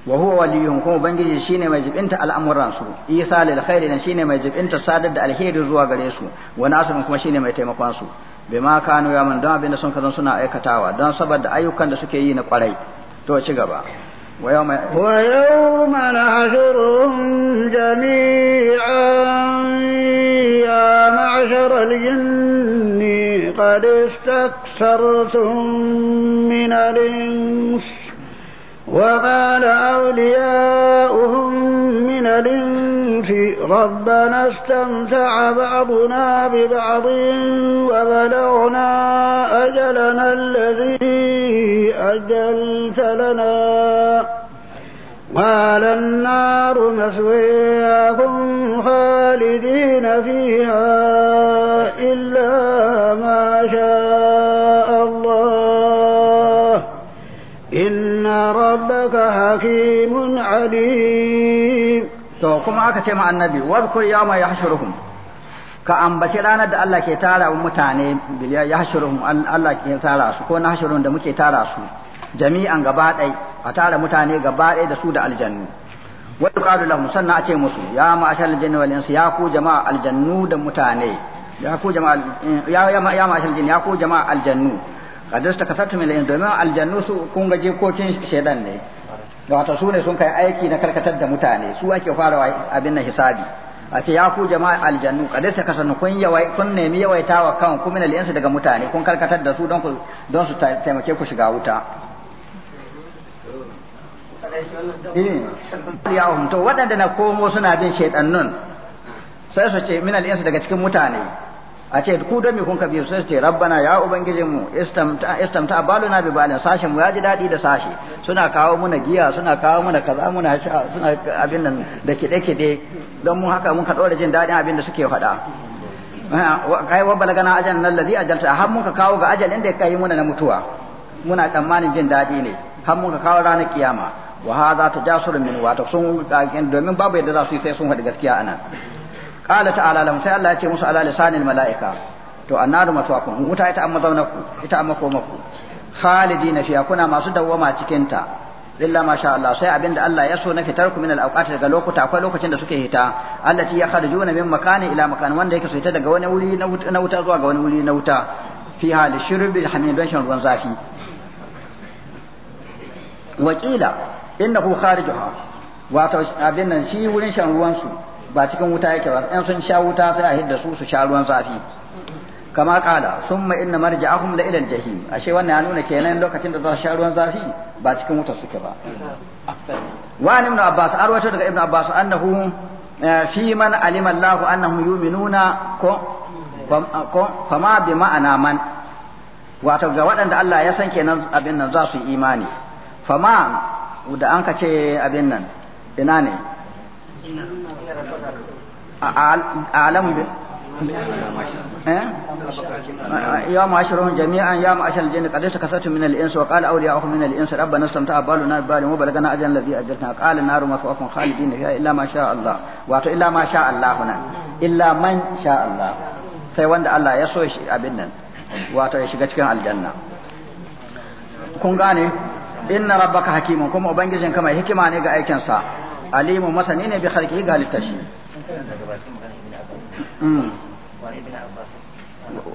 A: wa huwa waliyuhum kuma ubangiji shine mai jibinta al'amuran su isa lil khairi dan shine mai jibinta sadar da alheri zuwa gare su wa nasrun kuma shine mai taimakon su bima kanu ya man don abinda sun kazan suna aikatawa don saboda ayyukan da suke yi na kwarai to ci gaba
B: ويوم ويوم نحشرهم جميعا يا معشر الجن قد استكثرتم من الإنس وما لأولياؤهم من الإنس ربنا استمتع بعضنا ببعض وبلغنا أجلنا الذي أجلت لنا قال النار مسوياكم خالدين فيها إلا ما شاء الله
A: ربك حكيم عليم to kuma aka ce ma annabi wadhkur yawma yahshuruhum ka ambaci ranar da Allah ke tara mutane biliya yahshuruhum Allah ke tara su ko na nahshuruhum da muke tara su jami'an gaba ɗai a tara mutane gaba ɗai da su da aljannu wa yuqalu lahum sannan a ce musu ya ma ma'ashar aljanni wal insi ya ku jama'a aljannu da mutane ya ku jama'a ya ya ma'ashar aljanni ya ku jama'a aljannu kadis ta kasar mai lain domin aljannu su kun ga jikokin shaidan ne wato su ne sun kai aiki na karkatar da mutane su ake fara abin na hisabi a ce ya ku jama'a aljannu kadis ta kasar kun yawai kun nemi yawaita wa kan kuma na liyansu daga mutane kun karkatar da su don ku don su taimake ku shiga wuta
C: eh. ya
A: to waɗanda na komo suna bin shaidannun sai su ce min liyansu daga cikin mutane a ce ku da kun ka biyu sai rabbana ya ubangijin mu istamta istamta baluna bi balin sashin mu ya ji dadi da sashi suna kawo muna giya suna kawo muna kaza muna sha suna abin nan da kide kide don mu haka mun ka dora jin dadin abin da suke faɗa kai wa balagana ajal nan ladzi ajalta har mun ka kawo ga ajalin da kai muna na mutuwa muna tsammanin jin dadi ne har mun ka kawo ranar kiyama wa hadha tajasur min wa ta sun domin babu yadda za su yi sai sun faɗi gaskiya anan qala ta'ala lam sai Allah ya ce musu ala lisanil malaika to annaru maswakum wuta ita amma zaunaku ita amma komaku khalidina fiha kuna masu dawwama cikin ta illa ma sha Allah sai abinda Allah ya so na fitar ku min al awqat daga lokuta akwai lokacin da suke hita allati ya kharujuna min makani ila makan wanda yake so hita daga wani wuri na wuta zuwa ga wani wuri na wuta fi hali shurbil hamid don shan ruwan zafi wakila innahu kharijuha wato abin nan shi wurin shan ruwan su ba cikin wuta yake ba in sun sha wuta sai a hidda su su sha ruwan zafi kama kala summa inna marja'ahum la ila al-jahim ashe wannan ya nuna kenan lokacin da za su sha ruwan zafi ba cikin wuta suke ba wa ibn abbas arwato daga ibn abbas annahu eh, fi man alima allah annahum yu'minuna ko fa ma bi ma'ana man wato ga waɗanda Allah ya san kenan abin nan za su yi imani fa ma da an ka ce abin nan ina ne أعلم ب... يا معاشرهم جميعا يا معاشر الجن قد استكثرتم من الانس وقال اولياؤكم من الانس ربنا استمتع بالنا ببال وبلغنا اجل الذي اجلنا قال النار مثواكم خالدين فيها الا ما شاء الله واتو الا ما شاء الله هنا الا من شاء الله sai wanda Allah ya so shi abin nan wato ya shiga cikin aljanna kun gane inna rabbaka hakimun kuma ubangijinka mai hikima ne ga aikinsa alimu masani ne bi khalqi ga shi. Hmm.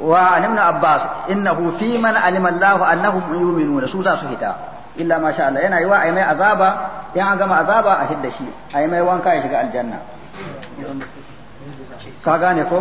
A: wa an abbas innahu fi man alima allah annahum yu'minuna su za su hita illa ma sha Allah yana yiwa ai mai azaba in an gama azaba a hidda shi ai mai wanka ya shiga aljanna
C: ka gane ko